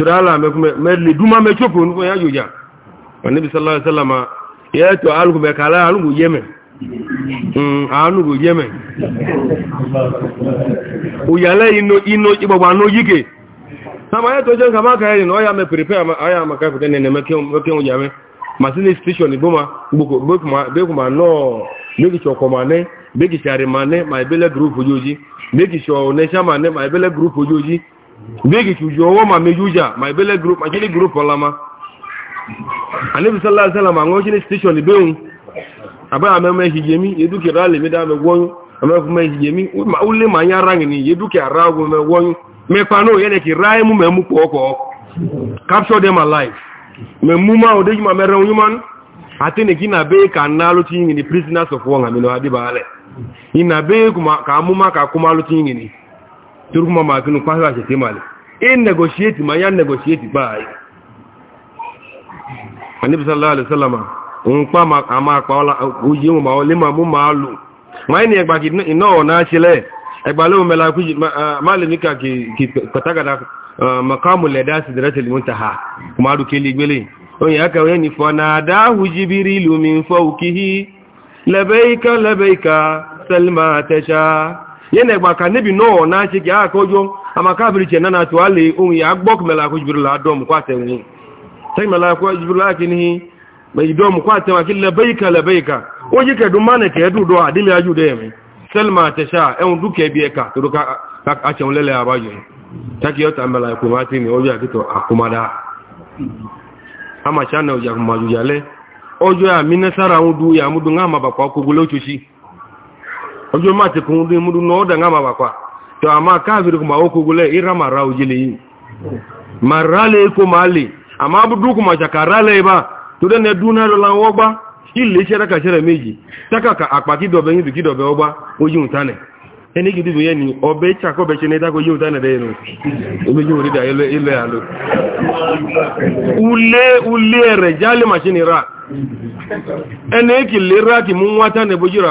tura ala mɛ kuma mɛ le duma mɛ tso po ya yoja wa ne sallallahu alaihi wa sallam yɛ alu kun kala alu kun yɛmɛ un alu kun yɛmɛ o yala ino ino ibɔbɔ ano yike sama yɛ tɔ jɛn kama kɛ yen ya me prepare ama ɔya ma kɛ fɛ nɛnɛ mɛ kɛn mɛ kɛn o yamɛ masini station iboma gbogbo bɛ kuma bɛ kuma nɔɔ bɛ kisɛ kɔma nɛ bɛ kisɛ arima nɛ maa ibɛlɛ group ojoji bɛ kisɛ ɔnɛsɛ ma nɛ maa ibɛlɛ group ojoji begi chuju owo ma mejuja ma ibele group ma chini group olama anabi sallallahu alaihi wasallam ango chini station beun aba ameme hijemi eduke rale mi da me wonyu amefu me hijemi ma ule ma yarang ni eduke arago me wonyu me pano yene ki rai mu me mu poko capture them alive me muma odeji ma mere unyuman atene kina be kanalo tingi ni prisoners of war ngamino adibale ina be kuma kamuma ka kuma lo tingi ni turkuma makinu kwahiyo a shete male in negotiate ma ya negotiate ba ai annabi sallallahu alaihi wasallama un a ma ama pa ola uji mu ma ole ma mu ma lu ma na sele egba lo mela ku ma le nika ki makamu ka ni fo na da hujibrilu min fawqihi ye na egba ka nebi n'ụwa na-achị ka a amaka biri che na na atụ ala onwe ya agbọk mela akwụ jibirila adọm kwata nwe tegmela akwụ ma idom kedu mmanụ ka edu udo udo eme selma tesha ebie ka to ka achanwelele agbajụ taki mela ekwumati na ojo akịtọ akwụmada amacha na oji akwụmajụ yale ojo ya ah, ya nga ojo ma te kun mu du no da ngama ba kwa to ama kafir kuma o ku gule ira mara o jile yi marale ko mali ama budu kuma jakarale ba to de ne duna lo lan wogba ile se raka sere meji takaka apaki do be yin du kido be ogba oyun tane eni gidi bi yeni obe cha ko be ule ule re jale machine ra ene ki le ra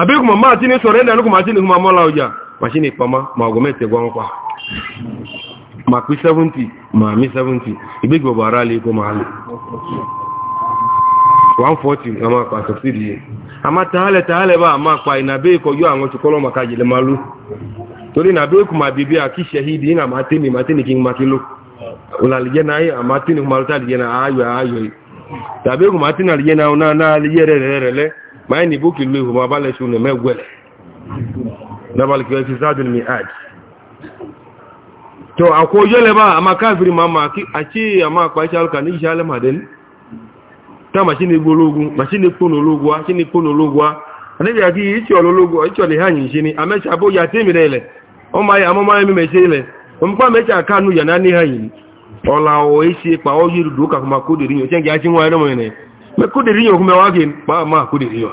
àbí kùmọ̀ máa tí ní sọ̀rọ̀ ẹ̀dà lókùnmọ̀ tí ní mọ́lá ọjà ìpamá ma ọgọ́ mẹ́tẹ̀ gbọ́n pa ma pí 70 ma mí 70 ìgbégbò bàárá lè kó máa lè 140 a máa pa sọ̀sídì a máa tààlẹ̀ tààlẹ̀ bá a máa pa ìnàbẹ́ ikọ̀ yóò àwọn tukọ́lọ́ maka jìlẹ̀ máa lú torí ìnàbẹ́ bíbí ní àmà tí ma tí ní kí n ma kí ló òlàlìyẹ́ àmà tí maye ni ma bale chu ne megwele na bal kiwa fi zadul mi'ad to ako yele ba ama ma mama a achi ama pa chal kan ni jale maden ta machine gbologun machine pono logwa machine pono logwa a aki ichi olologo ichi ole hanyi shini amecha bo ya temi dele o ma ya mama ile o mpa mecha kanu ya nani hanyi ola o ichi pa o yiru duka kuma kodiri chenge nwa mekudiri yo kumewa gin ma ma kudiri yo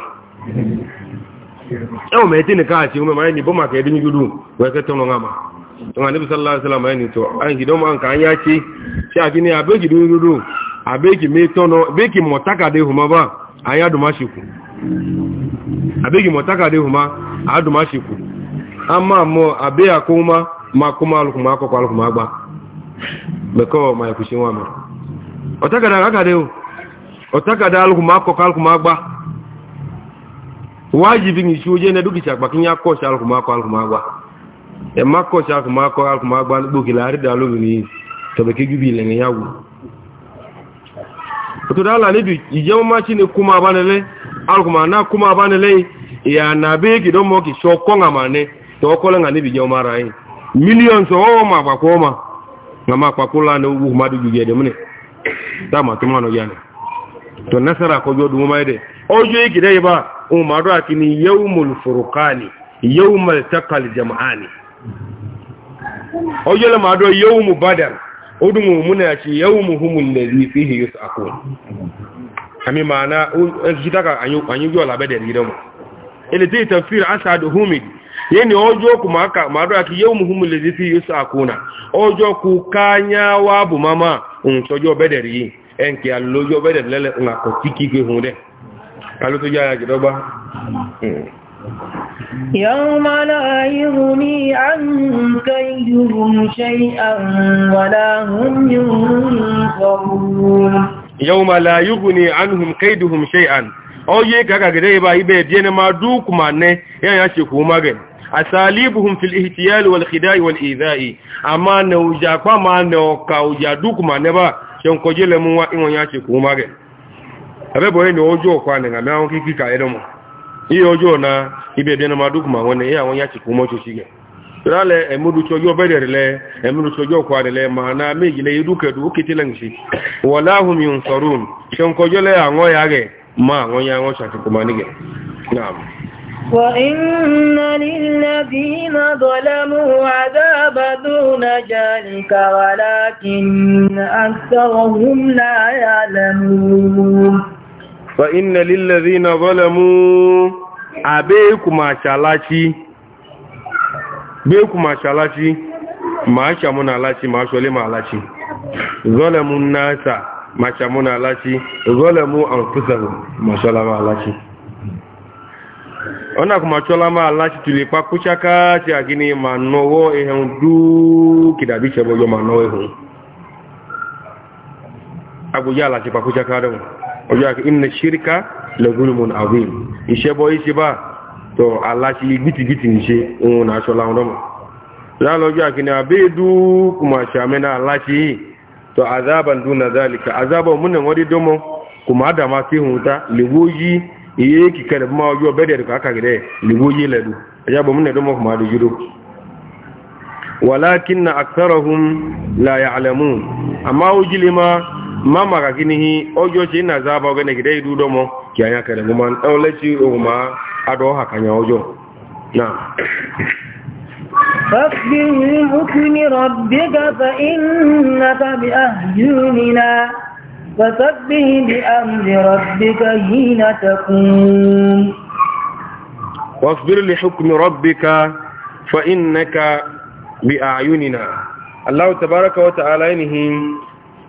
ewo me tin ka ci ume mai ni bo ma ke din gudu we ke tono ngama to ngani bi sallallahu alaihi wasallam ni to an gido man kan anya ci ci a ni abe gidu gudu abe ki me tono be ki motaka de huma ba aya du mashiku abe ki motaka de huma mashiku amma mo abe akuma ko gba ma otaka da de otakada alukuma akọka alukuma agba wajibi ngi shuje na dugi chakpa kinya kosha alukuma akọ alukuma agba e makosha alukuma akọ alukuma agba dugi la rida lo ni tobe ke gibi le ni bi ijewo ma chi ni kuma abanele alukuma na na be gi do mo ki shoko ngani bi jewo mara millions o ma ba ko ma ngama kwakula ne ubu ma dama tumano yani to nasara ko jodu mu mai de o jo yiki dai ba o ma do akini yawmul furqani yawmal taqal jam'ani o jo ma do yawmu badar o du mu muna ci yawmuhumul ladhi fihi yus'akun ami mana o jitaka anyu anyu jo la bede rido ele ti tafsir asad humid yeni ojo ku maka ma do akini yawmuhumul ladhi fihi yus'akuna ojo ku kanya wa bu mama un sojo bede ri ẹnkì alójọ́ bẹ́ẹ̀dẹ̀ lẹ́lẹ̀ ńlàkọ̀ tí kí gbé hun dẹ́ alótójú ara jẹ́dọ́gbá
يوم لا يغني عنك يهم شيئا ولا هم ينصرون
يوم لا يغني عنهم كيدهم شيئا oye gaga gida ba ibe biye ne ma duk manne yan ya ce kuma gani asalibuhum fil ihtiyal wal khida'i wal idha'i amma na uja kwa ma na ka uja duk manne ba ṣe ń kọjú lẹ́mú wá ìwọ̀n yá ṣe kò má gẹ̀. ẹ̀bẹ́bọ̀ yìí ni ojú ka ẹ̀rọ mọ̀ iye ojú ọ̀nà ibi na ẹnumọ́ adúgbò àwọn ni àwọn yá ṣe kò mọ́ ṣoṣi gẹ̀. lálẹ́ ẹ̀múdùsọjú ọbẹ̀rẹ̀ ma ẹ̀múdùsọjú ọkọ̀ àrẹ̀lẹ̀ màánà méjì lẹ́yìn dúkẹ̀dù ó kété lẹ́yìn wọ̀láhùn mi ń sọ̀rọ̀ ṣe ń kọjú lẹ́ ma
وَإِنَّ لِلَّذِينَ ظَلَمُوا عذاب دون ذلك ولكن أكثرهم لا
يعلمون
وإن للذين ظلموا أبيكما شالاتي بيكما شالاتي ما شامونا لاتي ما شوليما لاتي ظلموا الناس ما شامونا لاتي ona kuma chola ma la chituli pa kuchaka ti agini manowo ehun du kidabi chebo yo manowo ehun abuja la ti pa do ojo inna shirka la zulmun azim to ala ti giti giti nse ohun na chola ndo mo la lojo akini abedu kuma ala ti to azaban duna zalika azaba mun ngodi domo kuma adama ti hunta iye kikere ma ojo bede ko akagide libo yele du ya bo mun do mo ma do na zaba ogene gide du do mo ki anya kere mo man o lechi o ma ado ha kanya ojo
لحكم ربك فإنك بأعيننا فسبه بأمر ربك حين تقوم
واصبر لحكم ربك فإنك بأعيننا الله تبارك وتعالى إنهم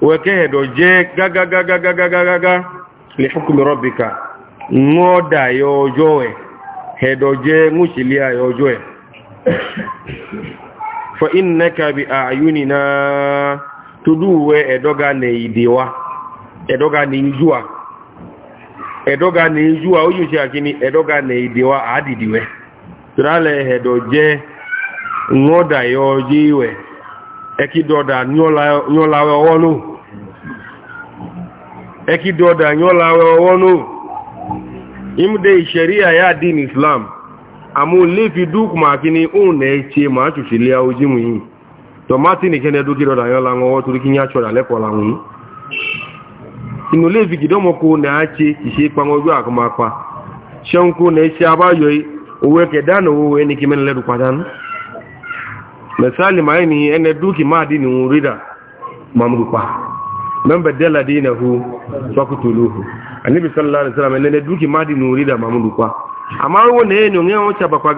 وكهد وجيك غا غا غا غا غا غا غا لحكم ربك مودا يوجوه هدو جي مشليا يوجوه فإنك بأعيننا تدوه إدوغا نيديوه edoga ni njua edoga ni njua uyu shi akini edoga ni idiwa adidiwe tunale hedoje ngoda yojiwe ekidoda nyola nyola wonu ekidoda nyola wonu imde sheria ya din islam amu lifi duk makini une che ma chuchilia ujimu yi tomati ni kene dukidoda nyola ngowo turikinya chora lekola ngi inolevi gidomoko na ache ise ipanwo ojú àkọmọpa ṣẹunko na iṣẹ́ abáyọ owó ẹkẹ̀ dánà owó ẹni kí mẹ́rin lẹ́rù padà nù mẹ́sàlì máa ní ẹni dúkì máa dì nìhun rídà mamrupa mẹ́mbẹ̀ dẹ́là dì nà hu sọ́kùtù lóhu àníbi sọ́lá rẹ̀ sọ́lá mẹ́lẹ́ni dúkì máa dì nìhun rídà mamrupa àmọ́ owó na ẹni òun ẹ̀wọ̀n ṣàpàpà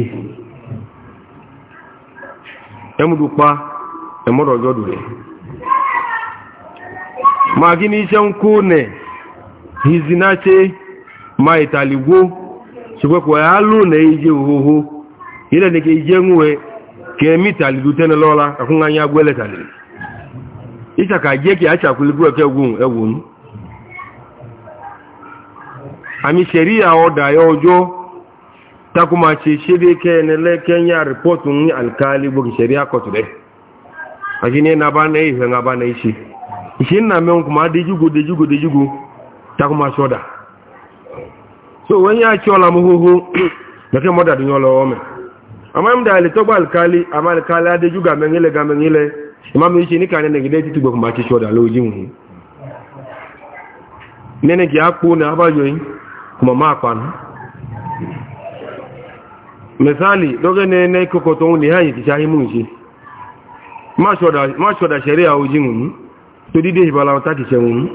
gani ẹmùdùpá ẹmọ́dọ̀jọ́ dùlẹ̀ ma gí ní iṣẹ́ ń kó nẹ̀ ìzìnáṣe ma ìtàlìgbó ṣùgbọ́pọ̀ ẹ̀ á lò nẹ̀ iye òhòhò ilẹ̀ ní kí iye ń wẹ kí ẹmí ìtàlìdú tẹ́nẹ lọ́la àkúnga yá gbẹ́lẹ̀ tàlìlì ìṣàkà jẹ́ kí aṣàkúlẹ̀gbó ẹ̀kẹ́ wòun takuma ce shebe ke ne le kenya report ni alkali bu sharia court de ajine na ba na yi na ba na shi shin na men kuma de jugo de jugo de jugo takuma shoda so wen ya chola mu huhu da (clears throat) ke moda dun yolo ome amma im da ali to ba alkali amma alkali ade juga men ile ga men ile imam yi shi ni kan ne gide ti tugo kuma ci shoda lo ji nene ki akpo na abayo yin kuma ma kwanu misali doge ne ne koko to ni hayi ti shahi mun shi ma shoda ma shoda sharia o jinun to dide ibala ta ki shewun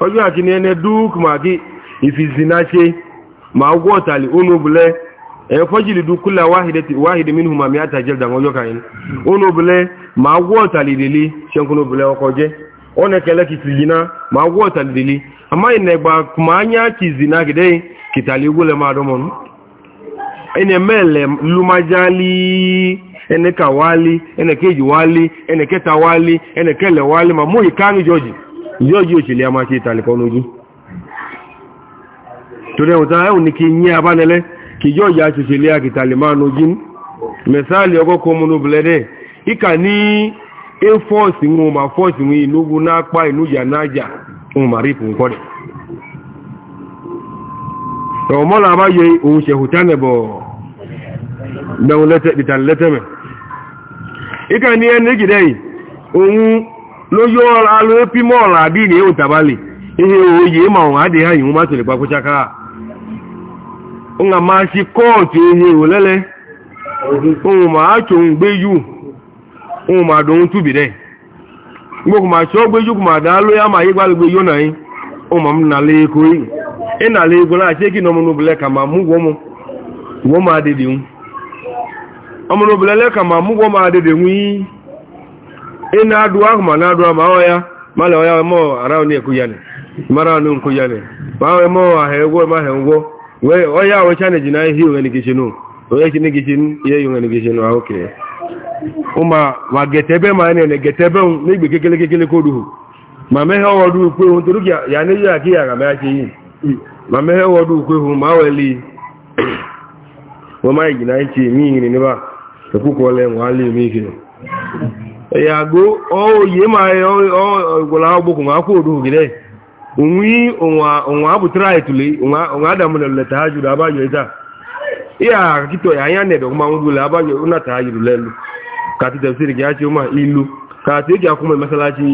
ojo ati ne ne duk ma gi ifi zinache ma ugo tali onubule e fojili du kula wahidati wahid minhuma mi'ata jalda ojo kayin onubule ma tali dili shenkunu bule okoje one kele ki tali dili amma ina gba kuma zina gide kitali gule ma ene mele lumajali ene kawali ene keji wali ene keta wali ene kele wali ma mo ikani joji joji o chile ama chita ni konuji tore uta e uniki nyi abanele ki joji acho chile akitalimanu jin mesali ogo komunu blede ikani e force ngun ma force ngun inugu na pa inuja naja un yẹ òun ṣẹ̀hùtánẹ̀bọ̀ bìtàn lẹ́tẹ̀mẹ̀ ìkà ní ẹni gìdẹ́ yìí òun ló yọ alo ihe oye ma ọ̀hún àdé àyìn wọn ma tẹ̀lé papọ̀ ṣakára òun à máa ṣe kọ́ọ̀tù ihe ìwò lẹ́lẹ́ òun máa tòun gbé yù òun ma dòun túbì dẹ́ gbogbo máa ṣọ́ gbé yù kò ma dá lóyá máa ma gbálùgbé yóò náà yín òun máa nà lé eko yìí ẹ̀ mu ọmụrụ obelele ka ma mụgwọ m adịdị nwunye ị na-adụ ahụ ma na-adụ ma ọ ya mala ọ ya mọ ara ni eku ya ni mara anụ nku ya ma ọ mọ ha egwo ma ha ngwo we ọ ya we chane jina hi we ni kishinu we chi ni kishin ye yu ni kishinu a oke uma ma getebe ma ne ne getebe ni n'igbe kekele kekele ko du ma me ha wodu pe hun toru ya na ni ya ya ga me achi ma me ha wodu pe ma weli wo ma yi na chi mi ni ekwukwa ole nwe e ya go oye ma e, gwara nwa akwụ oruhu gide onwe onwa abụtara etule onwa adam ha juru abajọ ita iya kito ya anya nedo kuma ngu la abajọ una ta juru lelu ka ti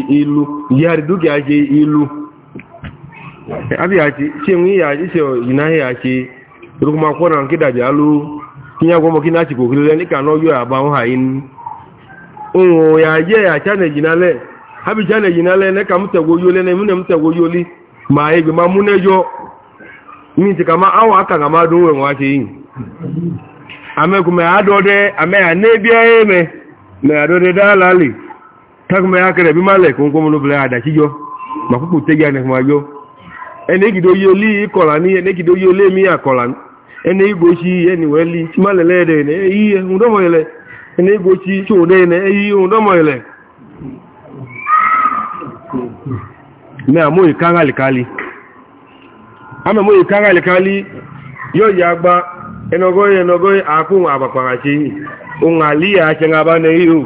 ilu ilu ya ya achi kinya gwomo kina ci ko ni kanu yo aba on hayin o oh, ya ye habi chane jinale ne kam te go ne mun ne mte go yoli ma e ma mune yo mi ti kama awa aka ga ma do we wa ti yin ame kuma ado de ame anebi eme me ado de dalali takume akere bi male ko ko mo lo bele ada ti yo ma ku ku ene gido yoli ene gido yole mi ene igbochi ihe ni weli malele de ne iye ndo moyele ene igbochi cho de ne iye ndo moyele me amu ikanga likali ame mu ikanga likali yo yagba enogo enogo akun abaparachi ungali achenga bane je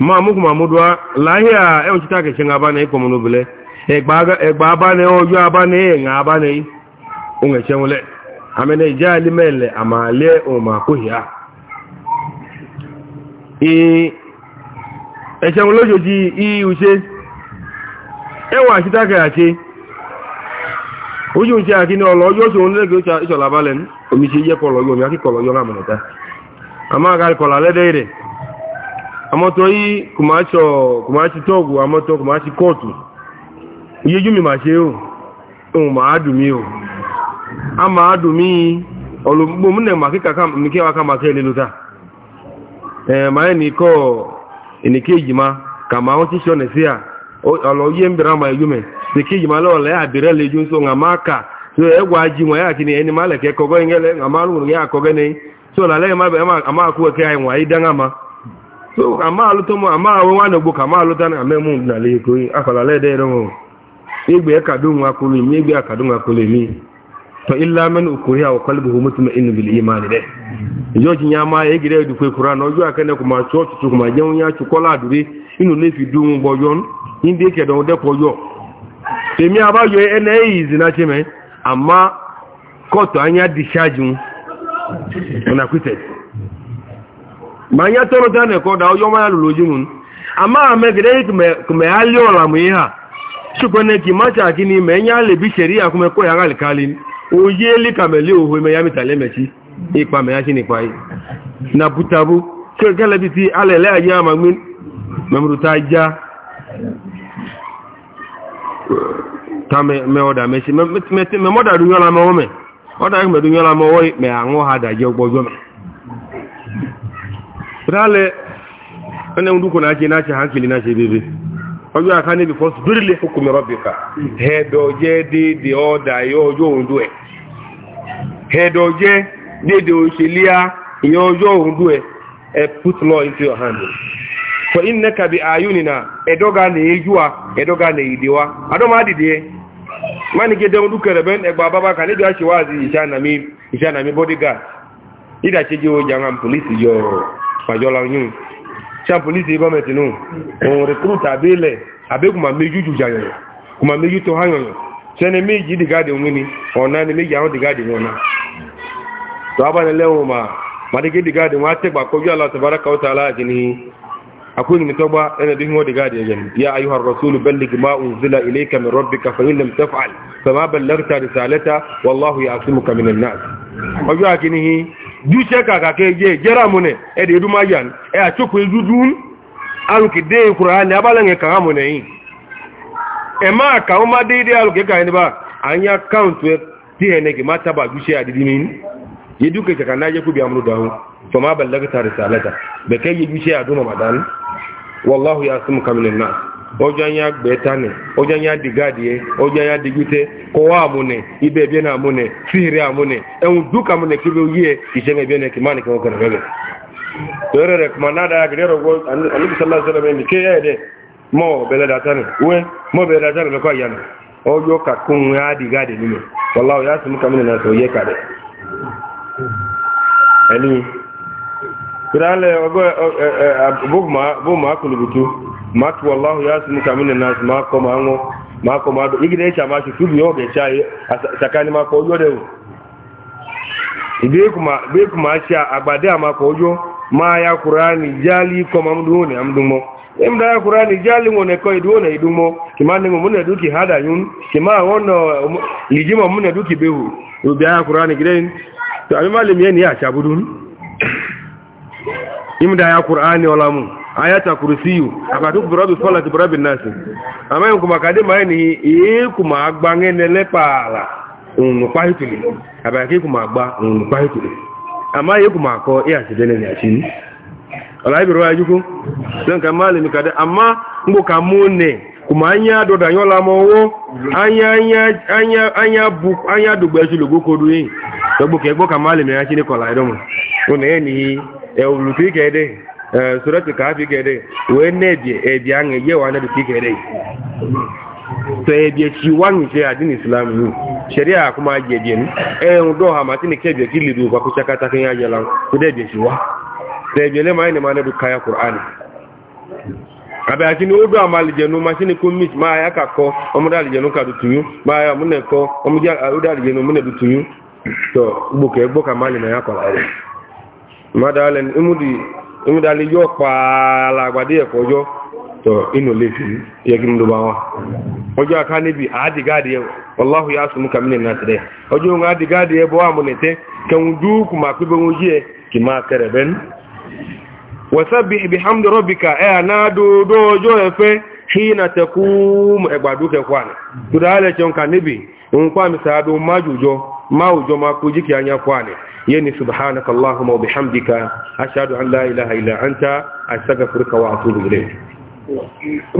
ma muku mamudwa lahia e eh, unchita ke chenga bana iko munubile egba eh, egba eh, bana ojo abana nga abana unge chenule amene jali mele amale o makuhia i e chenule joji i uche e wa chita ke ache ojo nche akini olo so nle ke cha isola balen omi se ye kolojo mi akikolojo ngamota ama ga kolale deire amoto yi kumacho kumachi togu amoto kumachi kotu yeju mi ma se o o ma adumi o a ma adumi olugbo mu ne ma kika ka mi ke wa ka ma ke le luta eh ma ni ko ni keji ma ka ma won ti so ne sia olo ye ni keji e ne so la le ma be ma idanga ma so ama alụta m ama ka ma na amem nala ekoyi akwalala edere m igbe kado nwa kụrụ imi igbe akado nwa kụrụ imi to illa men ukuri ha wakal bu mutum in bil ma e gire du kwe qur'an ojo akene kuma cho chu na cheme ama anya discharge ma nya toro ta ne ko da yo ma lu loji mun ama me gre me me ali ola mu ya suko ne ki macha kini me nya le bi sheria kuma ko ya gal kalin o ye li kamele o me ya mi me ti ipa me ya kini pa yi na butabu ke gele bi ti ale le aya ma min mamru ta ja ta me me oda me si me me me moda du yola mo me oda me du yola mo wo me anwo ha da je gbogbo me rale wannan duku na ke nace hankali nace bebe ojo aka ne because birli hukumi rabbika hedo je de oda yo ojo undu e hedo je de de oshilia yo ojo undu e e put law into your hand for innaka bi na edoga na ejuwa edoga na idewa adoma dide mani ke de undu kere ben egba baba kan ibi ashiwazi isha na mi isha na mi bodyguard ida cheje o jangam police yo pàjọ́lá oyún ṣàpòlìsì ìbámẹ̀tì nù òun rẹ̀kúrútà abẹ́lẹ̀ abẹ́kùnmà méjì jù jàyọ̀yọ̀ kùnmà méjì tó háyọ̀yọ̀ sẹ́ni méjì dìgáàdì òun ni ọ̀nà ni méjì àwọn dìgáàdì wọn náà tó abánilẹ́wọ̀n mà màdìgé dìgáàdì wọn àtẹ́gbà kọjú aláṣẹ̀bára kàwọ́tà aláàjì ni akuni mitogba ẹni bí wọn dìgáàdì ẹ̀yẹn yá ayé har rasulu bẹ́lẹ̀ gima unzila ilé kẹmẹ rọ́bì kàfẹ́yìn lẹ́m tẹ́fàl fẹ́mà bẹ́lẹ̀ rẹ̀ juche ka ka ke je jera mune e de duma yan e a chuku dudun an ki de ya abala nge ka mune yi e ma ka o ma de de alu ke ka ni ba anya count we ti ene ki mata ba juche adidi min ye duke ka na je ku bi amru dawo to ma ballagta risalata be kai ye juche aduma madan wallahu yasmuka minan nas ojo anya gbetane ojo anya digadie ojo anya digute kowa amune ibe bie na amune sihiri amune enwu duka amune kibe yie iseme bie ne kimani ke ogere bebe tore re kuma nada ya gidero go anibi sallallahu alaihi wasallam ke ya de mo bele datane we mo bele datane me ko yana ojo ka kun ya digade ni me wallahi ya ka m na so ye ka ọ ani kirale ogo eh, eh, eh, bugma bugma kulugutu matu wallahu yasimuka minan nas ma koma ango ma koma do igide cha ma shi tubu yoge cha sakani ma ko yode wo ide kuma be kuma cha agbade ma ko ma ya qur'ani jali koma mdu ne amdumo em da ya qur'ani e jali ngone ko idu ne idumo kimani mo mune duki hada yun kima wono um, lijima mune duki behu ubi ya qur'ani gidain to abi malimi ya chabudun imda ya qur'ani olamu. ayata kursiyu akatu birabi falati birabi nasi amayin kuma kade mayini e kuma agba ngene le pala un pa hituli abaki kuma agba un pa hituli amaye kuma ko e asidene ni asini ala kuma anya anya anya anya anya ya Eh, surati kaafi gede wee nebie ebi ange ye wane bi kikere to ebi ci wangi je adin islam ni sharia kuma je je ni e eh, ndo ha matini kebe kili du kwa kuchaka takin ya jalan kude bi ci wa to ebi le mai ne mane du kaya qur'an abe akini odo amali je no machine ko miss ma ya ka ko omuda je no ka du tuyu ma ya mun ne ko omuda oda je no mun ne du tuyu to gboke gboka mali na ya ko ale madalen imudi tòun dalè yọ pààlà àgbàdé ẹ̀kọ́ yọ tọ̀ inú lè fi yẹ kí n ló bá wà ọjọ́ aká níbi àádìgáàdì ẹ̀ ọláhù yá sùn kàmínà náà tẹ̀lẹ̀ ọjọ́ òun àádìgáàdì ẹ̀ bọ́ àmúnẹ̀tẹ́ kẹun dúkù máa pé bẹ́ẹ̀ wọ́n yí kì máa kẹrẹ̀ bẹ́ẹ̀ wọ̀sábì ibi hamdu rọ́bìkà ẹ̀ ànádòdó ọjọ́ ẹ̀fẹ́ hina tẹkùm ẹgbàdókẹkwà tó dáálẹ̀ tẹun kà níbi òun pàmì sàádọ́ májòjọ máwùjọ máa yeni subhanaka allahumma wa bihamdika ashhadu an la ilaha illa anta astaghfiruka wa atubu ilayk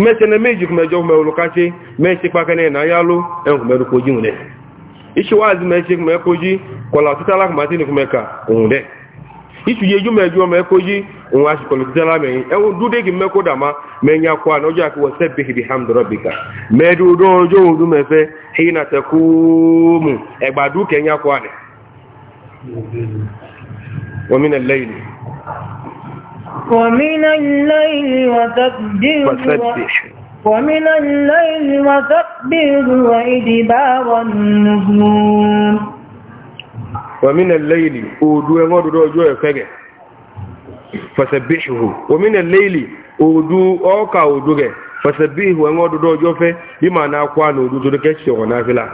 mẹsẹ̀nà méjì kùmẹ̀ jọ kùmẹ̀ olùkáṣe mẹ́ṣe pàkẹ́nẹ̀ náà yálò ẹn kùmẹ̀ rúkojú rẹ̀ ìṣíwáàzí mẹ́ṣe kùmẹ̀ kójí kọlà títàlá kùmẹ̀ tí ní kùmẹ̀ kà òun rẹ̀ ìṣùyẹjú mẹ́jọ mẹ́ ومن الليل
ومن الليل وسبح ومن الليل وسبح وإدبار
النجوم ومن الليل ما أمر جو فجر فسبحه ومن الليل أودو أوكا أودو فسبحه أمر جو فجر بما نقوى أودو تركش ونافلة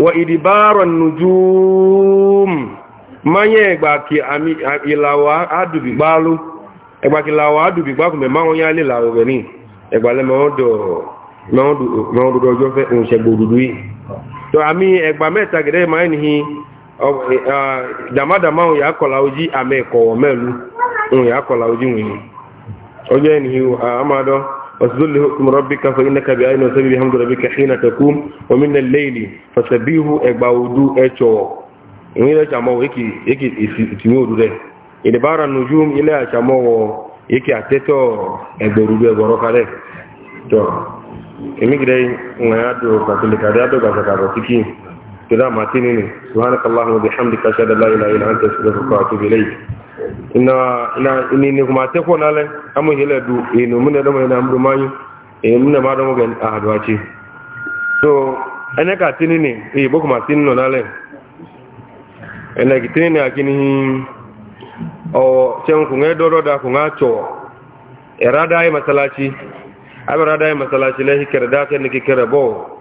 wa idibaron nujum manye ami ilawa adubi gbalu egbaki lawa adubi gbaku me ma onye ale lawo ni egbale me odo me odo me odo ojo fe un se gbodudu yi to ami egba meta gede ma ni e, dama dama o ya kola oji ame ko melu un ya kola oji wini ojo ni amado واسجد لحكم ربك فإنك بأين وسبب حمد ربك حين تقوم ومن الليل فسبيه إباودو إتشو إني لا شامو إكي إكي إتميو دودة إن بار النجوم إلا شامو إكي أتتو إبورو بيبورو كاره تو إمي كده نعادو كاتلي كده أدو كاتلي كاتلي كذا ما تنيني سبحانك اللهم وبحمدك أشهد أن لا إله إلا أنت أستغفرك وأتوب إليك ina ina ini ni kuma te ko nale amu hele du inu mun da mai na amru manyu e mun ma da mogan a hadwa ce so ene ka tini ne e boku ma tini no nale ene ki tini ne akini o chen ku ngai doro da ku nga erada ai masalaci abara da ai masalaci lahi kerda ke ni ki kerbo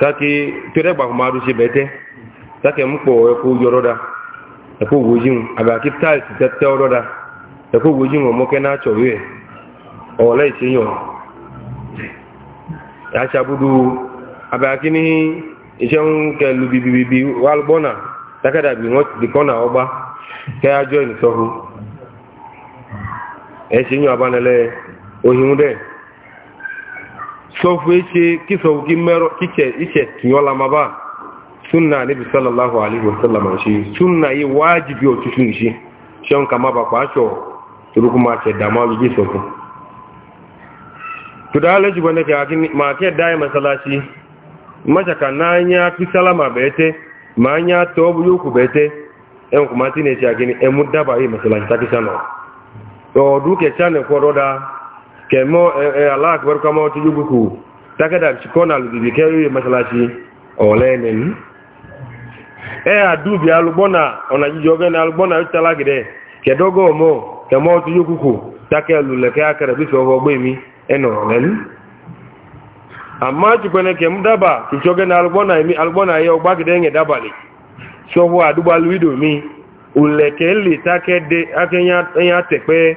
taki tere gba kuma arusi bete take mpo eku yoroda eku wojin aga ki tiles tete oroda eku wojin omo ke na cho ye ola isiyo ya shabudu aga kini iseun ke lu bi bi bi bona ka da bi won di kona ke e de sɔfo etse kisɔfo kimɛrɔ kitsɛ itsɛ tinyɔlamaba sunna anabi sallallahu alaihi wa sallam sunna ye waajibi o tutu si sɛn kama ba k'a sɔ turukuma cɛ dama bi ji sɔfo tuda ale jugu ne kɛ akini maa kɛ da ye masalasi masa ka n'an y'a kisalama bɛɛ tɛ maa anya y'a tɔɔbu yoku bɛɛ tɛ ɛn kuma ti ne cɛ akini ɛmu daba ye masalasi takisa nɔ ɔ du kɛ ca ne kɔrɔ kemo e Allah akbar kama wata yuguku takada ci kona lubibi kayoyi masalaci olenin e eh, adubi alugbona ona jijoge na alugbona yau talagide kedogo mo kemo wata yuguku take luleke akara bisu ọgbọ gbemi ẹnu olenin amma ci kwene kem daba jijoge na alugbona emi alugbona ya ọgbagide nye dabali sofu adubalu idomi uleke le take de akenya tepe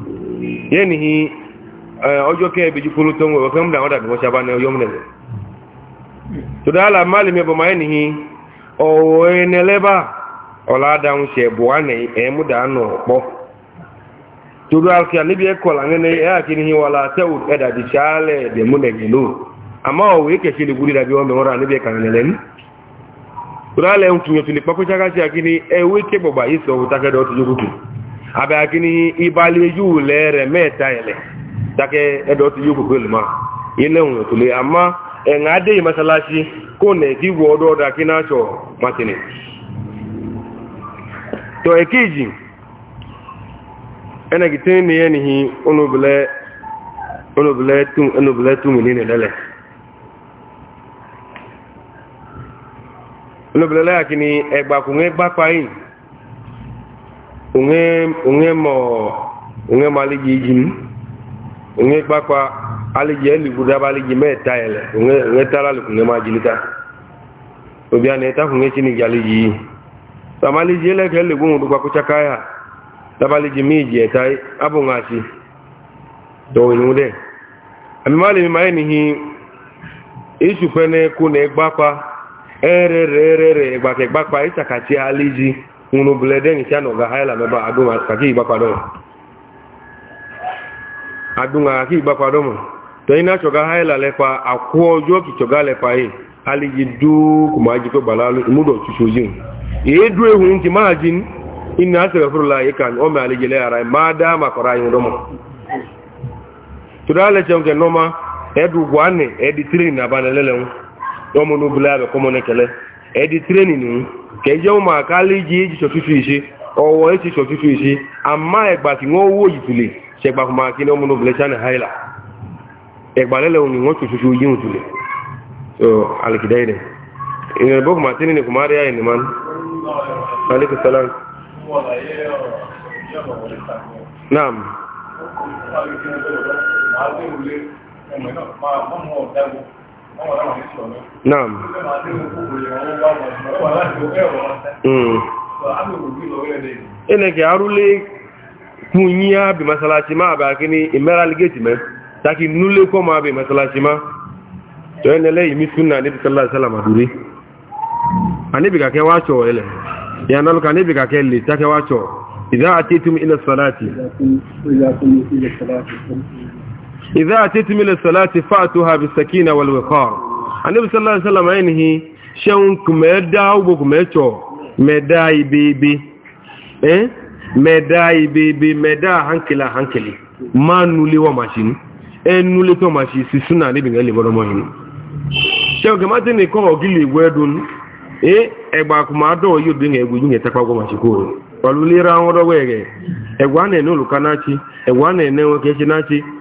yẹni hi ọjọ́ kẹ́ ẹbí jùkúrú tó ń wẹ̀ ọ̀fẹ́ múlẹ̀ àwọn dàbí wọ́n ṣe abáná ọyọ́ múlẹ̀ rẹ̀ tó dá àlà máàlì mẹ́bọ̀ máa yẹni hi ọ̀wọ̀ ẹni ẹlẹ́bà ọ̀làdáhùn ṣe ẹ̀bù wà ní ẹ̀múdà nù ọ̀pọ̀ tó dá àkí àníbi ẹ̀kọ́ làwọn ẹ̀ àkíní hi wàlà tẹ́wù ẹ̀dà di ṣáálẹ̀ ẹ̀dẹ̀múlẹ̀ tura lẹ́hùn tún yẹn tún lè pápẹ́ ṣáká sí àkíní ẹ̀wé kébọ̀bà yìí sọ̀rọ̀ tákẹ́dọ̀ ọtí jókòó abe akini ibali yu lere meta ele take edo ti yu ko ma ile un to le ama e ngade masalasi ko ne ki wo do da kina cho matini to ekiji ene gitin na eni hi onu bele onu bele tun onu bele tun ni ne lele onu bele la kini egba ku ngegba onwe m alịghị iji m onwe kpakwa alịghị m eta ele onwe tara m ajilita obi a na-etahụ nwe chineke alịghị iyi tamaliji ele ka eligwu nwụrụ gbakwụchaka ya tabaliji m iji eta abụ nhachi anyị n'ihi na ịgbakwa erere erere ịgbaka ịgbakwa ịchakachi ŋunu bilɛ dɛŋi tí a ga haya la ba a dun a kaki i ba fa dɔn a dun a kaki i ba fa dɔn ma tɔ i n'a sɔ ga haya la lɛ fa a kɔ jɔ k'i sɔ ga lɛ fa ye hali yi duu kuma ji ko bala mu dɔ susu yin ye du ye hun ti ma jin i n'a sɛbɛ furu la e ka o mɛ ale jɛlɛ ara ye da ma kɔrɔ a ye dɔn ma tura lɛ cɛw kɛ nɔma ɛdu guane ɛdi tiri naba ne lɛ lɛ ŋu dɔmunu bilɛ a bɛ kɔmɔ ne kɛlɛ ẹ̀dì tírénì nù kẹjọ́ ma ká lè jí èjì ṣọ̀tútù iṣẹ́ ọwọ́ èjì ṣọ̀tútù iṣẹ́ àmá ẹgbà tí wọ́n wó ìtùlẹ̀ ṣẹgbà fún ma kí ní ọmọ nobile china haila ẹgbà lẹ́lẹ̀ òní wọ́n ṣoṣoṣo yíhun tulẹ̀ so alìkìdá ilẹ̀ ìrìn bọ́kùnmá tí ní kùmá rí àyìn nìman alìkì sálám naam Máa
ń wọlé ọmọ náà máa mọ́ ọ̀dágún Naam.
Hmm. Ene ke arule kunya bi masalaci ma ba kini emerald gate me taki nule ko ma bi masalaci ma to ene le yimi sunna ni sallallahu alaihi wasallam aduri anibi ka ke wacho ele ya nalo ka nibi ka ke li take wacho idza atitum ila salati idza kuntum ila salati idza atitum ila salati fa'tuha bis sakina wal wiqar anabi sallallahu alaihi wasallam aynihi shawun kuma dawo bo kuma cho medai bibi eh medai bibi meda hankila hankali manuli wa machine enule to machi si suna ni binga le bodo moyin shawun kuma tin ko ogile wedun eh egba kuma do yo binga egbu yin etakwa go machi ko palulira won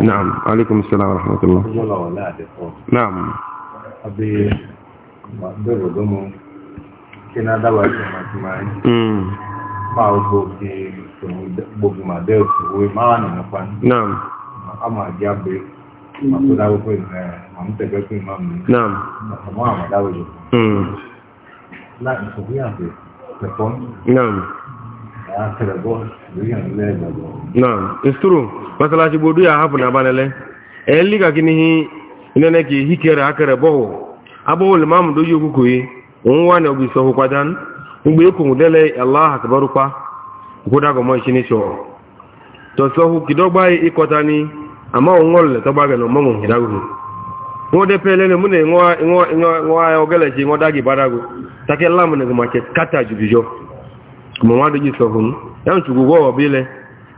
نعم عليكم السلام ورحمة الله نعم أبي بيرو دومو كنا دوا كما تماي ما بوكي بوكي ما ديو ما أنا نفان نعم أما جابي ما كنا بوكي
ما متجاكي ما نعم ما ما دوا جو لا نسوي عندي تفون
نعم naam it's true masalasi gbodu ya hapu na banale e liga kini hi inene ki hikere akere boho aboho le mamu do yoku kuyi on wa ne obi so ho kwadan ngbe ku mudele allah akbaru kwa goda go mo shini so to so hu kidogba ikota ni ama on ngol le to ba gelo mo mo hidagu ngo de pele ne mune ngo ngo ngo ngo ogele ji ngo dagi badagu take lamu ne ma ke kata jubijo mọ̀wádìí jí sọ fún yá ń ṣùgbọ́ wọ́wọ́ bí lẹ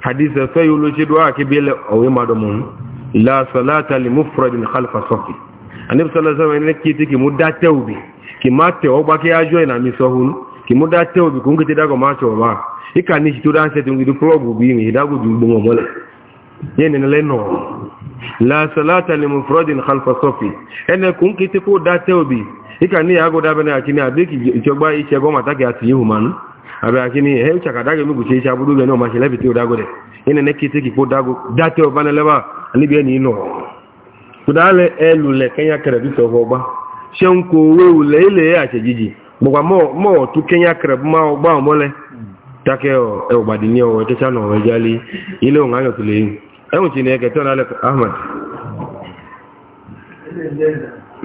hadith ẹ̀fẹ́ yóò ló ṣe dúwà kí bí lẹ ọ̀wé mọ́dọ̀mọ́ ìlàsọ̀láta lè mú fúrọ̀dì ní kálífà sọ́fì anibisọ́lọ́sọ́wọ́ ẹni kí tí kì mú dá tẹ́ òbí kì má tẹ̀ ọgbá kí ájọ́ ìlàmì sọ fún kì mú dá tẹ́ òbí kún kí tí dágọ̀ máa ṣọ̀rọ̀ máa ìkà ní ìṣètò dáńṣẹ́ tó ń gidi púrọ̀gù bí mi ìdágò ju gbogbo mọ́lẹ̀ yẹn ni lẹ́nà làṣọ̀láta lè mú fúrọ̀dì ní kálífà sọ́fì ẹni kún kí tí kò dá tẹ́ òbí ìkà ní ìyàgò dábẹ́ni àti ní àbíkì ìjọba iṣẹ́ gọ́mà tákì àti yìí hùmánú abakini he chaka dage nugu che cha buduge no mashile biti odago de ene ne kiti ki podago date o obana leba alibi ni no kudale le kenya credit of oba se nko we le ile ya chejiji gbogba mo mo tu kenya credit ma ogba omole take o e obadi ni o e te cha no we jali ile o ngayo tule yin e won chine ke tona le ahmad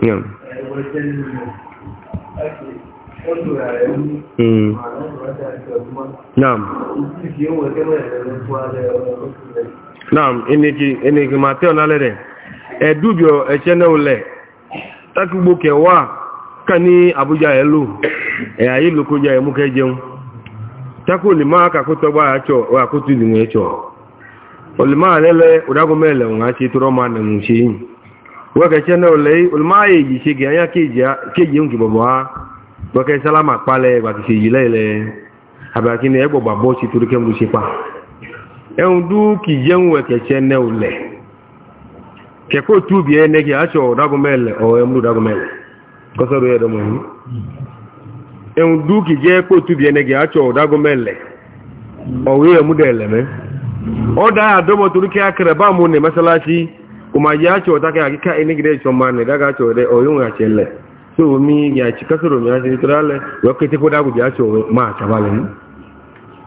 yeah. Hmm. Naam.
Naam, iniki iniki mateo na lere. Edubio echene ule. Takugbo kewa kani Abuja elu. E ayi loko ja emu ke jeun. Tako lima ma ka ko togba acho wa ko tu ni echo. Olima lele udago mele un achi turo ma na mu shi. Wa ke chene ule, ulma yi ji shi ge anya ke ja ke jeun ki bobo ha. gbọ́kẹ́ sálámà palẹ̀ gbàkìsì yìí lẹ́ilẹ̀ àbàkí ni ẹgbọ̀gbà bọ́ sí torí kẹ́mù sí pa ẹun dúkì jẹun ẹ̀kẹ̀ṣẹ́ nẹ́ olẹ̀ kẹ́kọ́ túbì ẹnẹ́kì aṣọ ọ̀dágúnmẹ́lẹ̀ ọ̀ẹ́múdágúnmẹ́lẹ̀ kọ́sọ́rọ̀ ẹ̀dọ́mọ̀ yìí ẹun dúkì jẹ́ kó túbì ẹnẹ́kì pé omi yàtí kásòrò mi àti ìtọ́lálẹ̀ wọ́n kété kó dágùn bí aṣọ máa eyi ní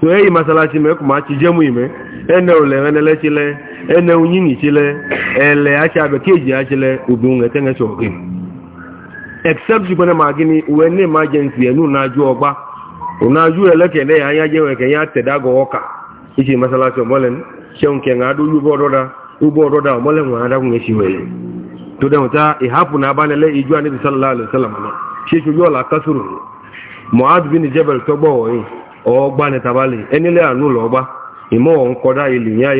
tó ma masalasi mẹ́kù máa ti jẹ́mù ìmẹ́ ẹnẹ òlẹ̀ ele sílẹ̀ ẹnẹ oyínì sílẹ̀ ẹlẹ̀ aṣẹ abẹ kéèjì aṣẹlẹ̀ obìnrin ẹ̀tẹ́ngẹ́ sọ̀rọ̀ except ṣùgbọ́n ẹ̀ máa gíní wẹ́ ní emergency ẹ̀nú ya anya ònáàjú to da muta ihafu na bana lai ijuwa nabi sallallahu alaihi wasallam ma shi shi yola kasuru muad bin jabal to gbo yin tabali eni le imo on koda ili ya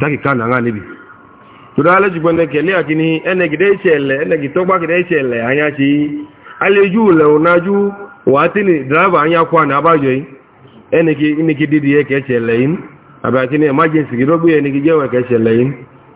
taki kana nga nibi to da alaji bonde ke ene gide chele ene gi to gide chele anya chi aleju le onaju driver anya kwa na abajo yin ene ki ni ki didi e ke ene ki jewe ke chele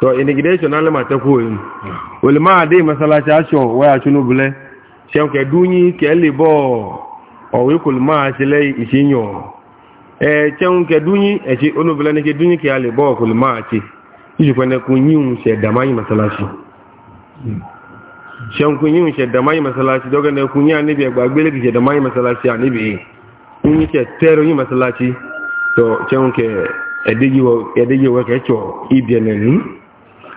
to integration na lema ta koyin ulama dai masalaci aso waya tunu bule shen ke dunyi ke libo o wi kulma sile isinyo e chen ke dunyi e ti onu bule ne ke dunyi ke libo kulma ti iji kwene kunyun se damai masalaci shen kunyun se damai masalaci doga ne kunya ne bi e gbagbele ki se damai masalaci ani bi kunyi ke tero yi masalaci to chen ke edeji e wo ke cho ibiyenen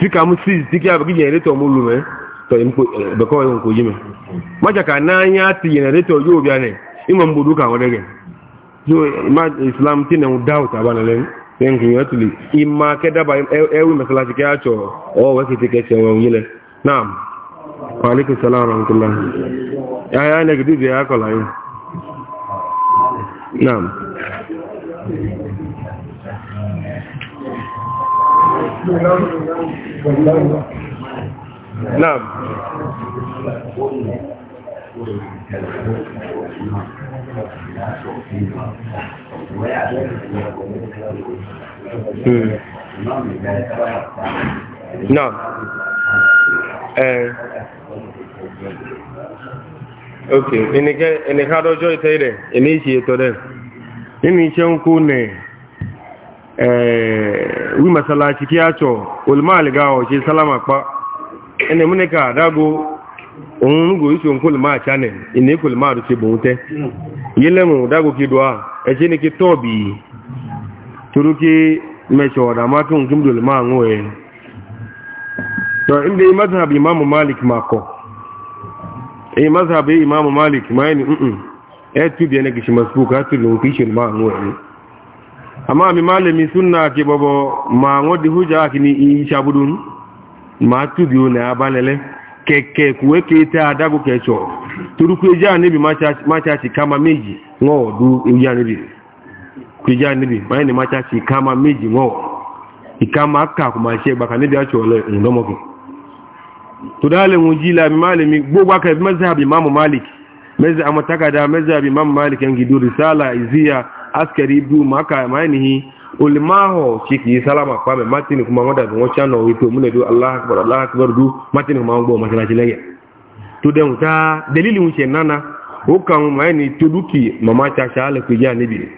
sika mu si sika abegi generator mu lume to imko eh, beko yon ko jime maja ka nanya ti generator yo bia ne imo mbudu ka wodege so ma islam tin no doubt abana len ten ku imma keda ba ewu eh, eh, masala ti ka cho o wa ti ke yile naam wa alaikum wa rahmatullah ya ya ya ko naam
Thank you.
Naam. Hmm. Naam. Eh. Okay, enike enike adojo ite ire, eni isi eto de. Ini ise nku ne. Eh, wi masalaci ki acho ulma algawo ce salama pa ene mune ka dago on go iso on kulma chane ine kulma ru ce bonte yele mu dago ki doa e ce ne ki tobi turuki me shoda ma tun kimdul ma ngoe to inde mazhab imam malik mako e mazhab imam malik ma ni mm e tu bi ne ki shi masbuka tu lo ki shi ma ngoe amma mi malami sunna ke bobo ma ngodi huja kini ishabudun ma tudiyo na abalele keke kuweke ta adago kecho turuku eja nibi machachi kama meji ngo du eja nibi kuja nibi maye ni machachi kama meji ngo ikama aka kuma se gbaka nibi acho le ndomo ko tudale mujila mi malami gbogbo aka bi mazhab imam malik mazhab amatakada mazhab imam malik ngi du risala izia askari ibu maka mainihi ulimaho chiki salama kwame matini kuma ngoda ngo chano witu mune du allah akbar allah akbar du matini kuma ngo matini chilege tude uta dalili unche nana uka maini tuduki mama cha shale kuja nibi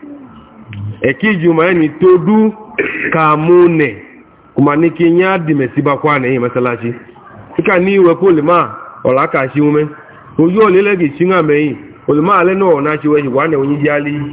ekiju maini tudu kamune kuma nikinya dimesiba kwane hii masalachi ika ni we kulima olaka shiume oyo lelegi chinga mei ulima ale no na chiwe wane onyi jali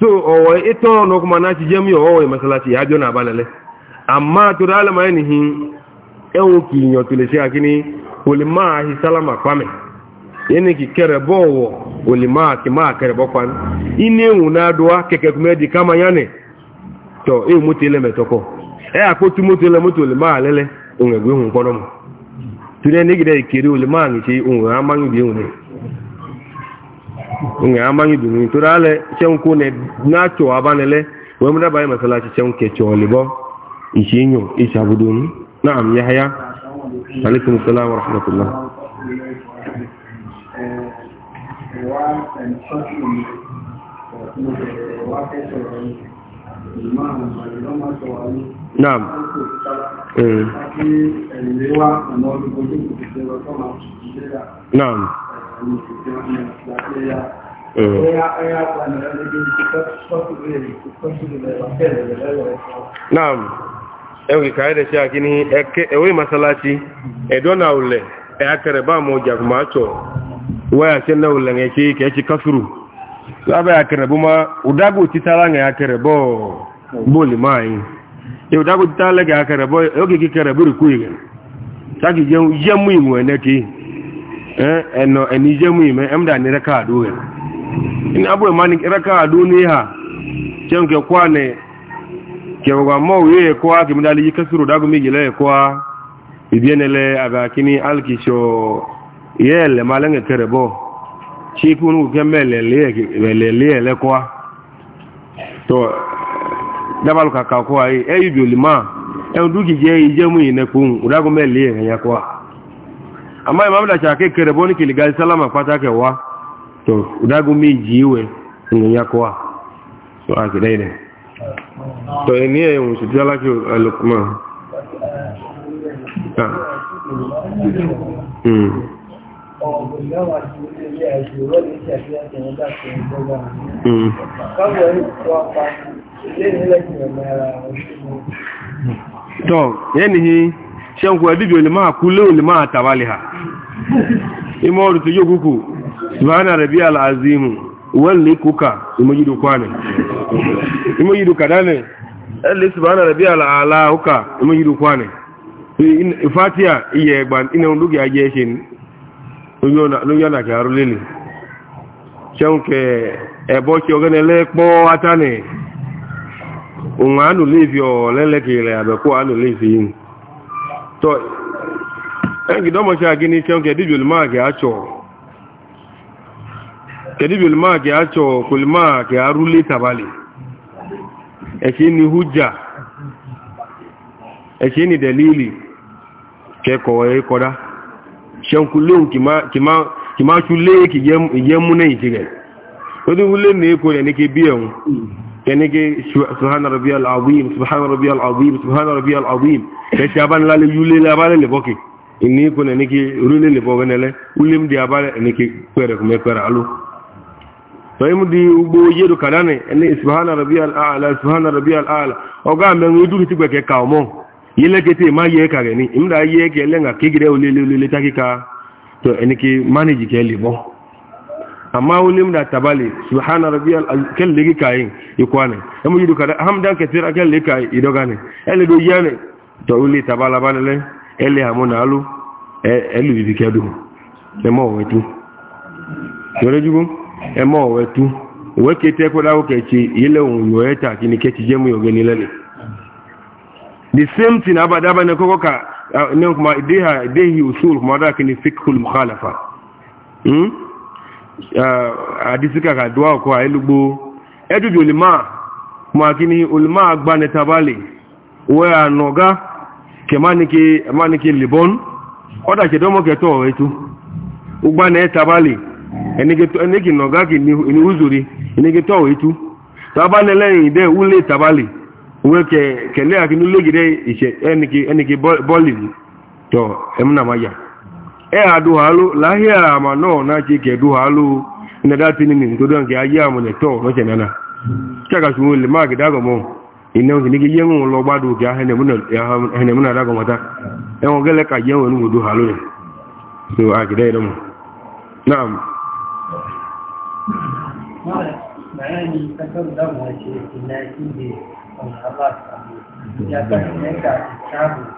so ọwọ ịtọ n'ọkụma na achije m ya ọwọ masalachi ya bịọ na abalị amma tụrụ ala ma enihi enwu ka inyo tulesi akini olima ahi salama kwame yẹni ki kẹrẹ bọ ọwọ olima ki ma kẹrẹ bọ kwan ine enwu na adụwa kẹkẹ kume di kama ya ne tọ ewu moto ele metọkọ ẹ e akpọtu moto ele moto olima alele onwe gwe hụ mkpọrọ m tụrụ ya n'egide ikere olima ahụ chi onwe amaghị bi enwu nga amanyi dunu to dale chen ku ne na cho abanele we mu dabai masala chi chen ke cho libo ishinyo ishabudun na'am yahya alaikum assalam wa rahmatullah
Naam. Eh.
Naam. naam ẹwùkì káyẹ̀ dẹ̀ ṣe àkí ní ẹwé masalaci ẹ̀dọ́nà ulẹ̀ ẹ̀yà kẹrẹ bá mọ̀ jàkùmá àtọ̀ wáyà ṣe náà ulẹ̀ ẹ̀ṣẹ́ kẹ́ẹ̀ṣẹ́ káfírù lábẹ́ àkẹrẹ bó má ọ̀dágò títà láàrín àkẹrẹ bọ́ bóòlì máa yìí ọ̀dágò títà lẹ́gẹ̀ẹ́ àkẹrẹ bọ́ ẹ̀ọ́kì kẹrẹ bó rí kú ìrìn ẹnọ ẹni jẹmu yìí mẹ ẹm dà ní rẹka àdó yẹn ní abúlé ma ní rẹka àdó ní ha kyẹn kẹ kọ́ ànẹ kyẹwàá mọ́ òye yẹ kọ́ kẹmi dà lẹ́yìn kẹsìrò dàgùn méjì lẹ́yẹ kọ́ bìbí ẹni lẹ àbàkíní alkìsọ yẹ ẹlẹ ma lẹ́ngẹ kẹrẹ bọ́ ṣé kí wọn amma imam da shake kere boni kiligali salama kwata ke wa to dagu mi jiwe ya kwa so a ki daidai to ni ya yi musu jala ki alukuma to yanihi hmm. hmm ṣẹ́nkù ẹ̀dìbì olèmá kúlé olèmá àtàwálì ha imọ́ ọdún tó yóò kúkú ṣùgbọ́n rẹ̀bí alàzímù wọ́n lè kúkà imójídù kwánẹ̀ imójídù kàdánẹ̀ ẹ̀lẹ́ ṣùgbọ́n rẹ̀bí alàáhùkà imójídù kwánẹ̀ ìfátíà iye ẹgbà iná ológi ajẹ́ ṣe lóyọ́nà kẹrù lélẹ̀ ṣẹ́nkù ẹ̀bọ́ ṣe ọgẹ́nẹ̀lẹ́pọ̀ atánẹ̀ òun àánú tọ́ ẹnkì dọ́mọ̀ṣẹ́ agíní kẹun kẹdíbìl máa kẹ àchọ̀ kẹdíbìl máa kẹ àchọ̀ kòlì máa kẹ arúlé tàbálì ẹ̀ṣẹ́ ni hújà ẹ̀ṣẹ́ ni dẹ̀lílì kẹkọ̀ ẹ̀kọ́dá ṣẹunkulóhun kì máa ṣúlé kì yẹ múnẹ̀ ìṣẹ́gẹ̀ yanige subhana rabbiyal azim subhana rabbiyal azim subhana rabbiyal azim be shaban la yule la bale le boki inni ko ne niki rule le boga nele ulim di abale niki kwere ko me kwere alu to imu di ubo yedu kanane ene subhana rabbiyal a'la subhana rabbiyal a'la o ga me ngudu ti gbe ke ka omo yele ke te ma ye ka re ni imda ye ke lenga kigire ulele ulele takika to eniki manage ke le amma wulim da tabali subhana rabbiyal kan ligi kai ikwane amu yudu kada hamdan kathir akan ligi kai idogane ele do yane to wuli tabala balale ele amuna alu e, elu bibi kedu e mo wetu yore jugo e mo wetu weke te ko dawo kechi ile un yoeta kini kechi jemu yogeni lele the same thing abada bana koko ka ne kuma ideha idehi usul kuma da kini fiqhul mukhalafa hmm àdísíkà kàdúwà ọkọ̀ àìlúgbó ẹdùbì olùmá mọ́kí ní olùmá agbanẹtabalè wẹ́ ànọ̀gá kẹmánike libon ọ́dà kẹdọ́mọ́kẹtọ̀ ẹ̀tú ugbanẹtabalè ẹnikì nọ̀gá kì ní húzùrí ẹnikẹtọ̀ ẹ̀tú tabanẹlẹ́yìn ìdẹ́ ulé tabalè wẹ́ kẹlẹ́ àkínúlégidẹ́ ẹnikẹ bọ́ọ̀lì tọ́ ẹmúnàmáyà e aduhalu lahia ma no na a ke duhalu na dati ni ni dodon ke aya mo ne to no chenana a su le ma gida go mo ina o ni ke yenu lo gbadu ga hene mo ya hene mo go mata e ka so a gida ido mo na'am
ka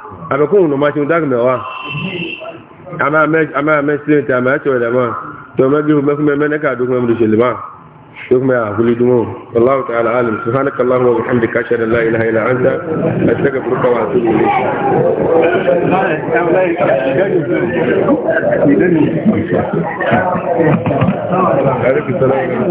abẹ́kùn ọ̀nà máa ṣe ń dágbẹ̀ wá a máa mẹ́sílẹ̀ tí a máa ṣọ̀ ẹ̀dẹ̀ máa tó mẹ́gbẹ́ mẹ́kúnmẹ́ mẹ́nẹ́kà dókùnmẹ́ mẹ́rin ṣe lè máa dókùnmẹ́ àkúlé dúnmọ́ aláwọ̀ tààlà alìm sùhánàkà aláwọ̀ alhamdi káṣẹ́rẹ̀ láìlá ilá an ta àtẹ́kà fúrúkà wà tó lè
Thank you.